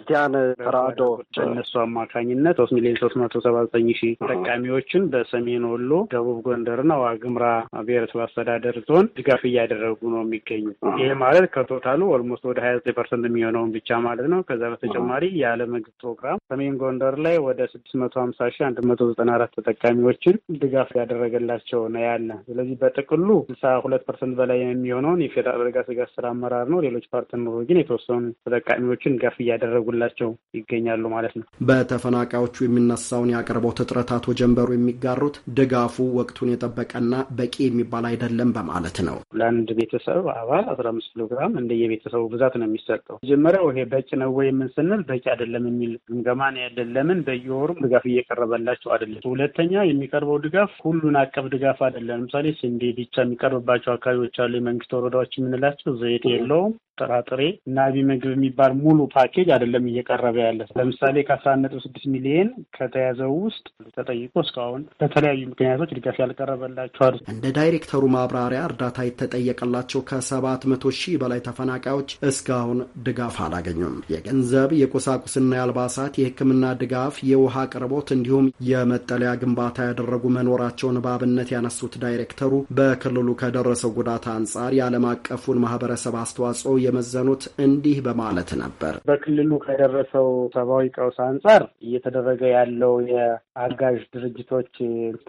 ክርስቲያን ተራዶ እነሱ አማካኝነት ሶስት ሚሊዮን ሶስት መቶ ሰባ ዘጠኝ ሺህ ተጠቃሚዎችን በሰሜን ወሎ፣ ደቡብ ጎንደርና ዋግምራ ብሔረሰብ አስተዳደር ዞን ድጋፍ እያደረጉ ነው የሚገኙ። ይህ ማለት ከቶታሉ ኦልሞስት ወደ ሀያ ዘጠኝ ፐርሰንት የሚሆነውን ብቻ ማለት ነው። ከዛ በተጨማሪ የዓለም ምግብ ፕሮግራም ሰሜን ጎንደር ላይ ወደ ስድስት መቶ ሀምሳ ሺህ አንድ መቶ ዘጠና አራት ተጠቃሚዎችን ድጋፍ ያደረገላቸው ነው ያለ። ስለዚህ በጥቅሉ ስልሳ ሁለት ፐርሰንት በላይ የሚሆነውን የፌዴራል አደጋ ስጋት ስራ አመራር ነው። ሌሎች ፓርትነሮች ግን የተወሰኑ ተጠቃሚዎችን ድጋፍ እያደረጉ እየተደረጉላቸው ይገኛሉ ማለት ነው። በተፈናቃዮቹ የሚነሳውን የአቅርቦት እጥረት አቶ ጀንበሩ የሚጋሩት ድጋፉ ወቅቱን የጠበቀና በቂ የሚባል አይደለም በማለት ነው። ለአንድ ቤተሰብ አባል አስራ አምስት ኪሎ ግራም እንደየቤተሰቡ ብዛት ነው የሚሰጠው። መጀመሪያው ይሄ በቂ ነው ወይ ምን ስንል በቂ አይደለም የሚል ግምገማ ነው ያለን። ለምን በየወሩም ድጋፍ እየቀረበላቸው አይደለም። ሁለተኛ የሚቀርበው ድጋፍ ሁሉን አቀፍ ድጋፍ አይደለም። ለምሳሌ ስንዴ ብቻ የሚቀርብባቸው አካባቢዎች አሉ። የመንግስት ወረዳዎች የምንላቸው ዘይት የለውም ጥራጥሬ እና ቢ ምግብ የሚባል ሙሉ ፓኬጅ አይደለም አይደለም እየቀረበ ያለ። ለምሳሌ ከአስራ አንድ ነጥብ ስድስት ሚሊየን ከተያዘው ውስጥ ተጠይቆ እስካሁን በተለያዩ ምክንያቶች ድጋፍ ያልቀረበላቸዋል። እንደ ዳይሬክተሩ ማብራሪያ እርዳታ የተጠየቀላቸው ከሰባት መቶ ሺህ በላይ ተፈናቃዮች እስካሁን ድጋፍ አላገኙም። የገንዘብ የቁሳቁስና የአልባሳት፣ የሕክምና ድጋፍ፣ የውሃ አቅርቦት እንዲሁም የመጠለያ ግንባታ ያደረጉ መኖራቸውን በአብነት ያነሱት ዳይሬክተሩ በክልሉ ከደረሰው ጉዳት አንጻር የዓለም አቀፉን ማህበረሰብ አስተዋጽኦ የመዘኑት እንዲህ በማለት ነበር። በክልሉ ከደረሰው ሰብአዊ ቀውስ አንጻር እየተደረገ ያለው የአጋዥ ድርጅቶች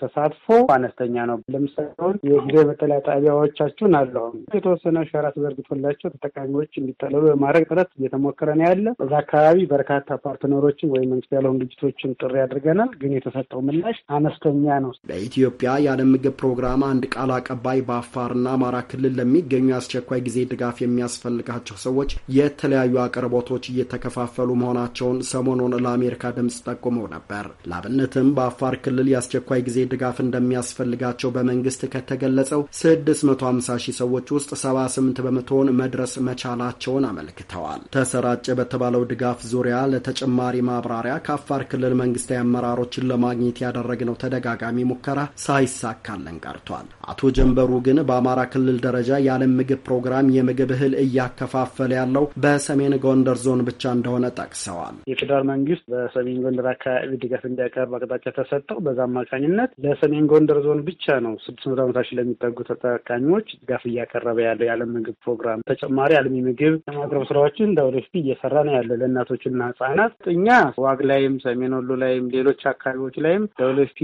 ተሳትፎ አነስተኛ ነው። ለምሳሌ የጊዜ መጠለያ ጣቢያዎቻችሁን አለው የተወሰነ ሸራ ዘርግቶላቸው ተጠቃሚዎች እንዲጠለሉ በማድረግ ጥረት እየተሞከረ ነው ያለ። እዛ አካባቢ በርካታ ፓርትነሮችን ወይም መንግስት ያልሆኑ ድርጅቶችን ጥሪ አድርገናል፣ ግን የተሰጠው ምላሽ አነስተኛ ነው። በኢትዮጵያ የዓለም ምግብ ፕሮግራም አንድ ቃል አቀባይ በአፋርና አማራ ክልል ለሚገኙ የአስቸኳይ ጊዜ ድጋፍ የሚያስፈልጋቸው ሰዎች የተለያዩ አቅርቦቶች እየተከፋ እየተከፋፈሉ መሆናቸውን ሰሞኑን ለአሜሪካ ድምፅ ጠቁመው ነበር። ላብነትም በአፋር ክልል የአስቸኳይ ጊዜ ድጋፍ እንደሚያስፈልጋቸው በመንግስት ከተገለጸው 650 ሺህ ሰዎች ውስጥ 78 በመቶውን መድረስ መቻላቸውን አመልክተዋል። ተሰራጨ በተባለው ድጋፍ ዙሪያ ለተጨማሪ ማብራሪያ ከአፋር ክልል መንግስታዊ አመራሮችን ለማግኘት ያደረግነው ተደጋጋሚ ሙከራ ሳይሳካለን ቀርቷል። አቶ ጀንበሩ ግን በአማራ ክልል ደረጃ የዓለም ምግብ ፕሮግራም የምግብ እህል እያከፋፈለ ያለው በሰሜን ጎንደር ዞን ብቻ እንደሆነ እንደሆነ ጠቅሰዋል። የፌዴራል መንግስት በሰሜን ጎንደር አካባቢ ድጋፍ እንዲያቀርብ አቅጣጫ ተሰጠው። በዛ አማካኝነት ለሰሜን ጎንደር ዞን ብቻ ነው ስድስት መቶ ዓመታች ለሚጠጉ ተጠቃሚዎች ድጋፍ እያቀረበ ያለው የዓለም ምግብ ፕሮግራም ተጨማሪ አልሚ ምግብ የማቅረብ ስራዎችን እንደ ወደፊት እየሰራ ነው ያለው ለእናቶችና ህጻናት። እኛ ዋግ ላይም ሰሜን ወሎ ላይም ሌሎች አካባቢዎች ላይም ለወደፊት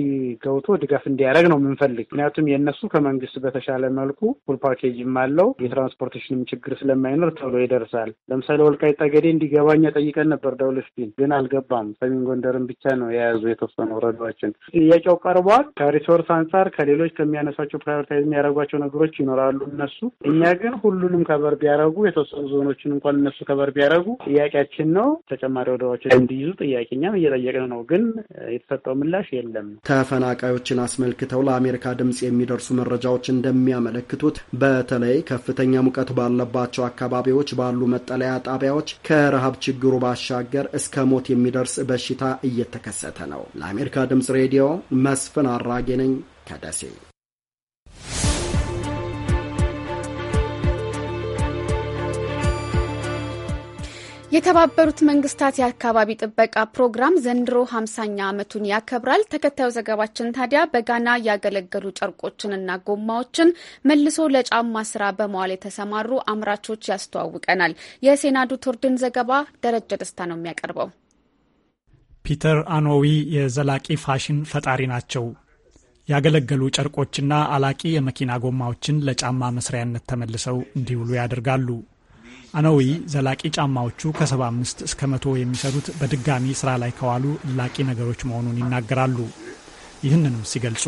ገብቶ ድጋፍ እንዲያደርግ ነው የምንፈልግ። ምክንያቱም የእነሱ ከመንግስት በተሻለ መልኩ ፉል ፓኬጅም አለው የትራንስፖርቴሽንም ችግር ስለማይኖር ተብሎ ይደርሳል። ለምሳሌ ወልቃይ ጠገዴ እንዲገባኝ ጠይቀን ነበር ደብልስፒን ግን አልገባም። ሰሜን ጎንደርን ብቻ ነው የያዙ የተወሰኑ ወረዳዎችን። ጥያቄው ቀርቧል። ከሪሶርስ አንጻር ከሌሎች ከሚያነሳቸው ፕራዮሪታይዝ የሚያደርጓቸው ነገሮች ይኖራሉ እነሱ። እኛ ግን ሁሉንም ከበር ቢያደርጉ የተወሰኑ ዞኖችን እንኳን እነሱ ከበር ቢያደርጉ ጥያቄያችን ነው ተጨማሪ ወረዳዎችን እንዲይዙ ጥያቄ እኛም እየጠየቅን ነው። ግን የተሰጠው ምላሽ የለም። ተፈናቃዮችን አስመልክተው ለአሜሪካ ድምጽ የሚደርሱ መረጃዎች እንደሚያመለክቱት በተለይ ከፍተኛ ሙቀት ባለባቸው አካባቢዎች ባሉ መጠለያ ጣቢያዎች ከረሃብ ችግሩ ባሻገር እስከ ሞት የሚደርስ በሽታ እየተከሰተ ነው። ለአሜሪካ ድምፅ ሬዲዮ መስፍን አራጌ ነኝ ከደሴ የተባበሩት መንግስታት የአካባቢ ጥበቃ ፕሮግራም ዘንድሮ ሀምሳኛ ዓመቱን ያከብራል። ተከታዩ ዘገባችን ታዲያ በጋና ያገለገሉ ጨርቆችንና ጎማዎችን መልሶ ለጫማ ስራ በመዋል የተሰማሩ አምራቾች ያስተዋውቀናል። የሴና ቱርድን ዘገባ ደረጀ ደስታ ነው የሚያቀርበው። ፒተር አኖዊ የዘላቂ ፋሽን ፈጣሪ ናቸው። ያገለገሉ ጨርቆችና አላቂ የመኪና ጎማዎችን ለጫማ መስሪያነት ተመልሰው እንዲውሉ ያደርጋሉ። አነዊ ዘላቂ ጫማዎቹ ከ75 እስከ መቶ የሚሰሩት በድጋሚ ስራ ላይ ከዋሉ ላቂ ነገሮች መሆኑን ይናገራሉ። ይህንንም ሲገልጹ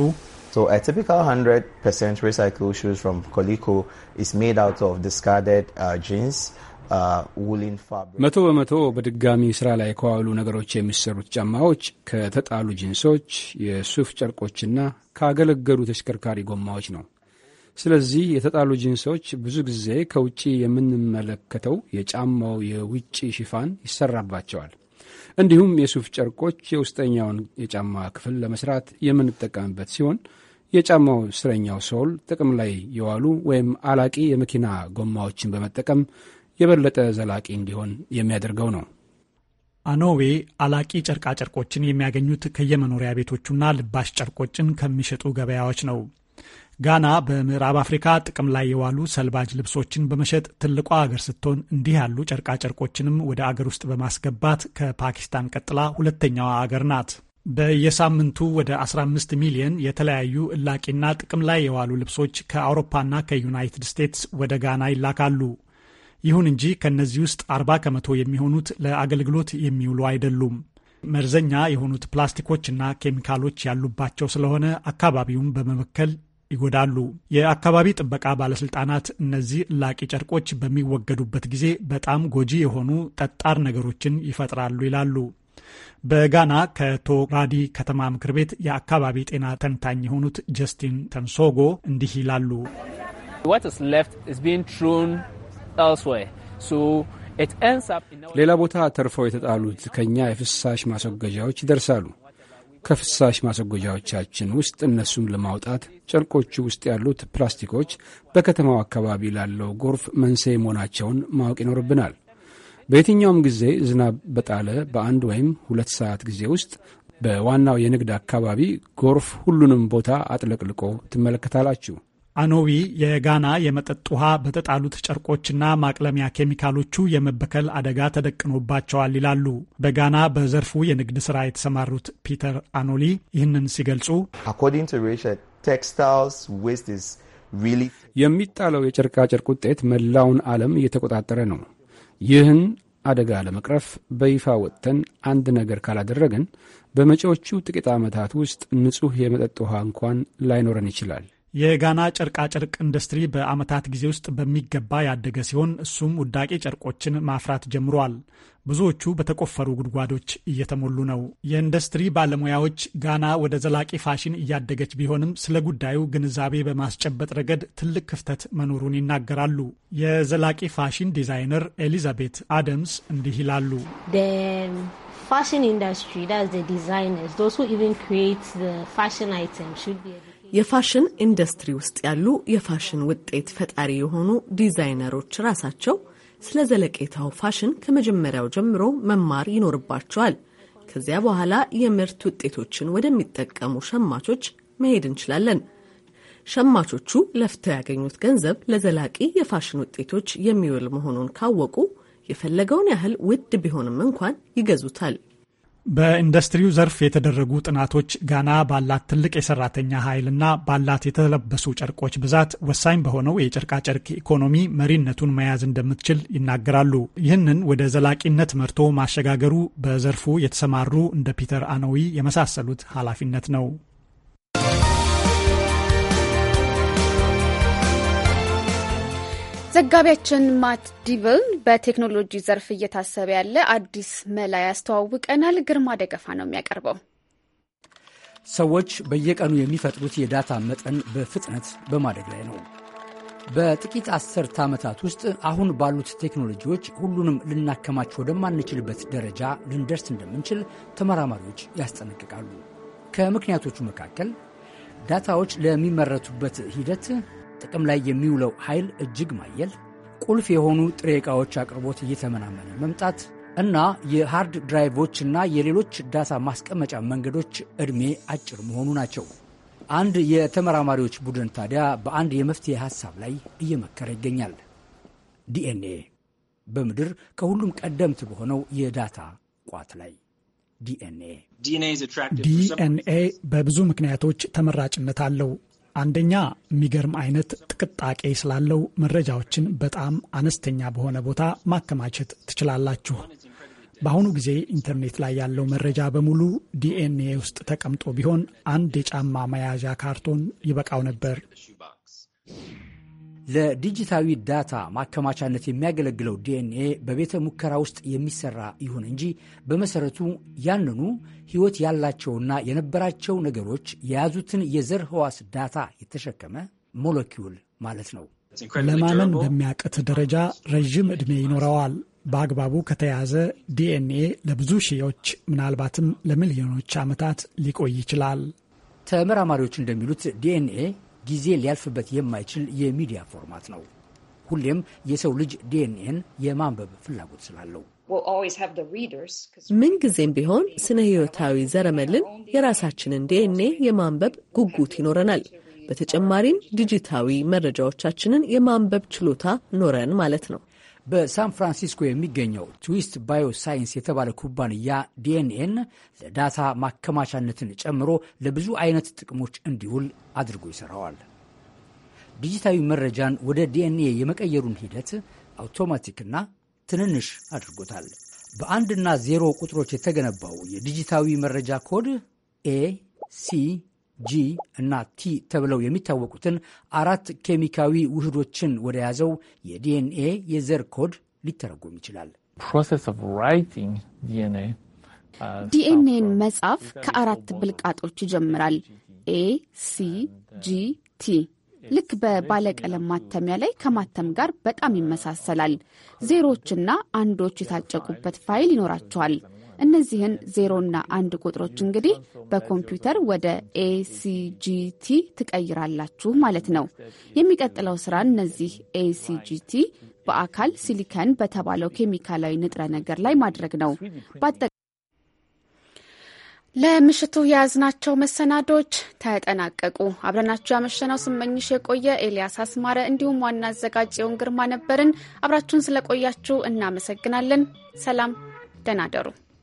መቶ በመቶ በድጋሚ ስራ ላይ ከዋሉ ነገሮች የሚሰሩት ጫማዎች ከተጣሉ ጂንሶች፣ የሱፍ ጨርቆችና ካገለገሉ ተሽከርካሪ ጎማዎች ነው። ስለዚህ የተጣሉ ጂንሶች ብዙ ጊዜ ከውጭ የምንመለከተው የጫማው የውጭ ሽፋን ይሰራባቸዋል። እንዲሁም የሱፍ ጨርቆች የውስጠኛውን የጫማ ክፍል ለመስራት የምንጠቀምበት ሲሆን የጫማው ስረኛው ሶል ጥቅም ላይ የዋሉ ወይም አላቂ የመኪና ጎማዎችን በመጠቀም የበለጠ ዘላቂ እንዲሆን የሚያደርገው ነው። አኖዌ አላቂ ጨርቃጨርቆችን የሚያገኙት ከየመኖሪያ ቤቶቹና ልባሽ ጨርቆችን ከሚሸጡ ገበያዎች ነው። ጋና በምዕራብ አፍሪካ ጥቅም ላይ የዋሉ ሰልባጅ ልብሶችን በመሸጥ ትልቋ ሀገር ስትሆን እንዲህ ያሉ ጨርቃጨርቆችንም ወደ አገር ውስጥ በማስገባት ከፓኪስታን ቀጥላ ሁለተኛዋ አገር ናት። በየሳምንቱ ወደ 15 ሚሊዮን የተለያዩ እላቂና ጥቅም ላይ የዋሉ ልብሶች ከአውሮፓና ከዩናይትድ ስቴትስ ወደ ጋና ይላካሉ። ይሁን እንጂ ከእነዚህ ውስጥ 40 ከመቶ የሚሆኑት ለአገልግሎት የሚውሉ አይደሉም። መርዘኛ የሆኑት ፕላስቲኮችና ኬሚካሎች ያሉባቸው ስለሆነ አካባቢውን በመበከል ይጎዳሉ። የአካባቢ ጥበቃ ባለስልጣናት እነዚህ ላቂ ጨርቆች በሚወገዱበት ጊዜ በጣም ጎጂ የሆኑ ጠጣር ነገሮችን ይፈጥራሉ ይላሉ። በጋና ከቶራዲ ከተማ ምክር ቤት የአካባቢ ጤና ተንታኝ የሆኑት ጀስቲን ተንሶጎ እንዲህ ይላሉ። ሌላ ቦታ ተርፈው የተጣሉት ከኛ የፍሳሽ ማስወገዣዎች ይደርሳሉ። ከፍሳሽ ማስወገጃዎቻችን ውስጥ እነሱን ለማውጣት ጨርቆቹ ውስጥ ያሉት ፕላስቲኮች በከተማው አካባቢ ላለው ጎርፍ መንስኤ መሆናቸውን ማወቅ ይኖርብናል። በየትኛውም ጊዜ ዝናብ በጣለ በአንድ ወይም ሁለት ሰዓት ጊዜ ውስጥ በዋናው የንግድ አካባቢ ጎርፍ ሁሉንም ቦታ አጥለቅልቆ ትመለከታላችሁ። አኖዊ የጋና የመጠጥ ውሃ በተጣሉት ጨርቆችና ማቅለሚያ ኬሚካሎቹ የመበከል አደጋ ተደቅኖባቸዋል ይላሉ። በጋና በዘርፉ የንግድ ስራ የተሰማሩት ፒተር አኖሊ ይህንን ሲገልጹ የሚጣለው የጨርቃጨርቅ ውጤት መላውን ዓለም እየተቆጣጠረ ነው። ይህን አደጋ ለመቅረፍ በይፋ ወጥተን አንድ ነገር ካላደረግን በመጪዎቹ ጥቂት ዓመታት ውስጥ ንጹሕ የመጠጥ ውሃ እንኳን ላይኖረን ይችላል። የጋና ጨርቃጨርቅ ኢንዱስትሪ በዓመታት ጊዜ ውስጥ በሚገባ ያደገ ሲሆን እሱም ውዳቂ ጨርቆችን ማፍራት ጀምሯል። ብዙዎቹ በተቆፈሩ ጉድጓዶች እየተሞሉ ነው። የኢንዱስትሪ ባለሙያዎች ጋና ወደ ዘላቂ ፋሽን እያደገች ቢሆንም ስለ ጉዳዩ ግንዛቤ በማስጨበጥ ረገድ ትልቅ ክፍተት መኖሩን ይናገራሉ። የዘላቂ ፋሽን ዲዛይነር ኤሊዛቤት አደምስ እንዲህ ይላሉ። ፋሽን ኢንዱስትሪ ዲዛይነርስ የፋሽን ኢንዱስትሪ ውስጥ ያሉ የፋሽን ውጤት ፈጣሪ የሆኑ ዲዛይነሮች ራሳቸው ስለ ዘለቄታው ፋሽን ከመጀመሪያው ጀምሮ መማር ይኖርባቸዋል። ከዚያ በኋላ የምርት ውጤቶችን ወደሚጠቀሙ ሸማቾች መሄድ እንችላለን። ሸማቾቹ ለፍተው ያገኙት ገንዘብ ለዘላቂ የፋሽን ውጤቶች የሚውል መሆኑን ካወቁ የፈለገውን ያህል ውድ ቢሆንም እንኳን ይገዙታል። በኢንዱስትሪው ዘርፍ የተደረጉ ጥናቶች ጋና ባላት ትልቅ የሰራተኛ ኃይልና ባላት የተለበሱ ጨርቆች ብዛት ወሳኝ በሆነው የጨርቃጨርቅ ኢኮኖሚ መሪነቱን መያዝ እንደምትችል ይናገራሉ። ይህንን ወደ ዘላቂነት መርቶ ማሸጋገሩ በዘርፉ የተሰማሩ እንደ ፒተር አኖዊ የመሳሰሉት ኃላፊነት ነው። ዘጋቢያችን ማት ዲብል በቴክኖሎጂ ዘርፍ እየታሰበ ያለ አዲስ መላ ያስተዋውቀናል። ግርማ ደገፋ ነው የሚያቀርበው። ሰዎች በየቀኑ የሚፈጥሩት የዳታ መጠን በፍጥነት በማደግ ላይ ነው። በጥቂት አስርት ዓመታት ውስጥ አሁን ባሉት ቴክኖሎጂዎች ሁሉንም ልናከማች ወደማንችልበት ደረጃ ልንደርስ እንደምንችል ተመራማሪዎች ያስጠነቅቃሉ። ከምክንያቶቹ መካከል ዳታዎች ለሚመረቱበት ሂደት ጥቅም ላይ የሚውለው ኃይል እጅግ ማየል፣ ቁልፍ የሆኑ ጥሬ ዕቃዎች አቅርቦት እየተመናመነ መምጣት እና የሃርድ ድራይቮች እና የሌሎች ዳታ ማስቀመጫ መንገዶች ዕድሜ አጭር መሆኑ ናቸው። አንድ የተመራማሪዎች ቡድን ታዲያ በአንድ የመፍትሄ ሐሳብ ላይ እየመከረ ይገኛል። ዲኤንኤ በምድር ከሁሉም ቀደምት በሆነው የዳታ ቋት ላይ ዲኤንኤ ዲኤንኤ በብዙ ምክንያቶች ተመራጭነት አለው። አንደኛ የሚገርም አይነት ጥቅጣቄ ስላለው መረጃዎችን በጣም አነስተኛ በሆነ ቦታ ማከማቸት ትችላላችሁ። በአሁኑ ጊዜ ኢንተርኔት ላይ ያለው መረጃ በሙሉ ዲኤንኤ ውስጥ ተቀምጦ ቢሆን አንድ የጫማ መያዣ ካርቶን ይበቃው ነበር። ለዲጂታዊ ዳታ ማከማቻነት የሚያገለግለው ዲኤንኤ በቤተ ሙከራ ውስጥ የሚሰራ ይሁን እንጂ በመሰረቱ ያንኑ ሕይወት ያላቸውና የነበራቸው ነገሮች የያዙትን የዘር ህዋስ ዳታ የተሸከመ ሞለኪውል ማለት ነው። ለማመን በሚያቅት ደረጃ ረዥም ዕድሜ ይኖረዋል። በአግባቡ ከተያዘ ዲኤንኤ ለብዙ ሺዎች ምናልባትም ለሚሊዮኖች ዓመታት ሊቆይ ይችላል። ተመራማሪዎች እንደሚሉት ዲኤንኤ ጊዜ ሊያልፍበት የማይችል የሚዲያ ፎርማት ነው። ሁሌም የሰው ልጅ ዲኤንኤን የማንበብ ፍላጎት ስላለው ምንጊዜም ቢሆን ስነ ሕይወታዊ ዘረመልን የራሳችንን ዲኤንኤ የማንበብ ጉጉት ይኖረናል። በተጨማሪም ዲጂታዊ መረጃዎቻችንን የማንበብ ችሎታ ኖረን ማለት ነው። በሳን ፍራንሲስኮ የሚገኘው ትዊስት ባዮ ሳይንስ የተባለ ኩባንያ ዲኤንኤን ለዳታ ማከማቻነትን ጨምሮ ለብዙ አይነት ጥቅሞች እንዲውል አድርጎ ይሰራዋል። ዲጂታዊ መረጃን ወደ ዲኤንኤ የመቀየሩን ሂደት አውቶማቲክና ትንንሽ አድርጎታል። በአንድና ዜሮ ቁጥሮች የተገነባው የዲጂታዊ መረጃ ኮድ ኤ ሲ ጂ እና ቲ ተብለው የሚታወቁትን አራት ኬሚካዊ ውህዶችን ወደ ያዘው የዲኤንኤ የዘር ኮድ ሊተረጎም ይችላል። uh, ዲኤንኤን መጻፍ ከአራት ብልቃጦች ይጀምራል። ኤ ሲ ጂ ቲ ልክ በባለቀለም ማተሚያ ላይ ከማተም ጋር በጣም ይመሳሰላል። ዜሮችና አንዶች የታጨቁበት ፋይል ይኖራቸዋል። እነዚህን ዜሮና አንድ ቁጥሮች እንግዲህ በኮምፒውተር ወደ ኤሲጂቲ ትቀይራላችሁ ማለት ነው። የሚቀጥለው ስራ እነዚህ ኤሲጂቲ በአካል ሲሊከን በተባለው ኬሚካላዊ ንጥረ ነገር ላይ ማድረግ ነው። ለምሽቱ የያዝናቸው መሰናዶች ተጠናቀቁ። አብረናችሁ ያመሸነው ስመኝሽ የቆየ ኤልያስ አስማረ፣ እንዲሁም ዋና አዘጋጅ ጽዮን ግርማ ነበርን። አብራችሁን ስለቆያችሁ እናመሰግናለን። ሰላም፣ ደህና ደሩ።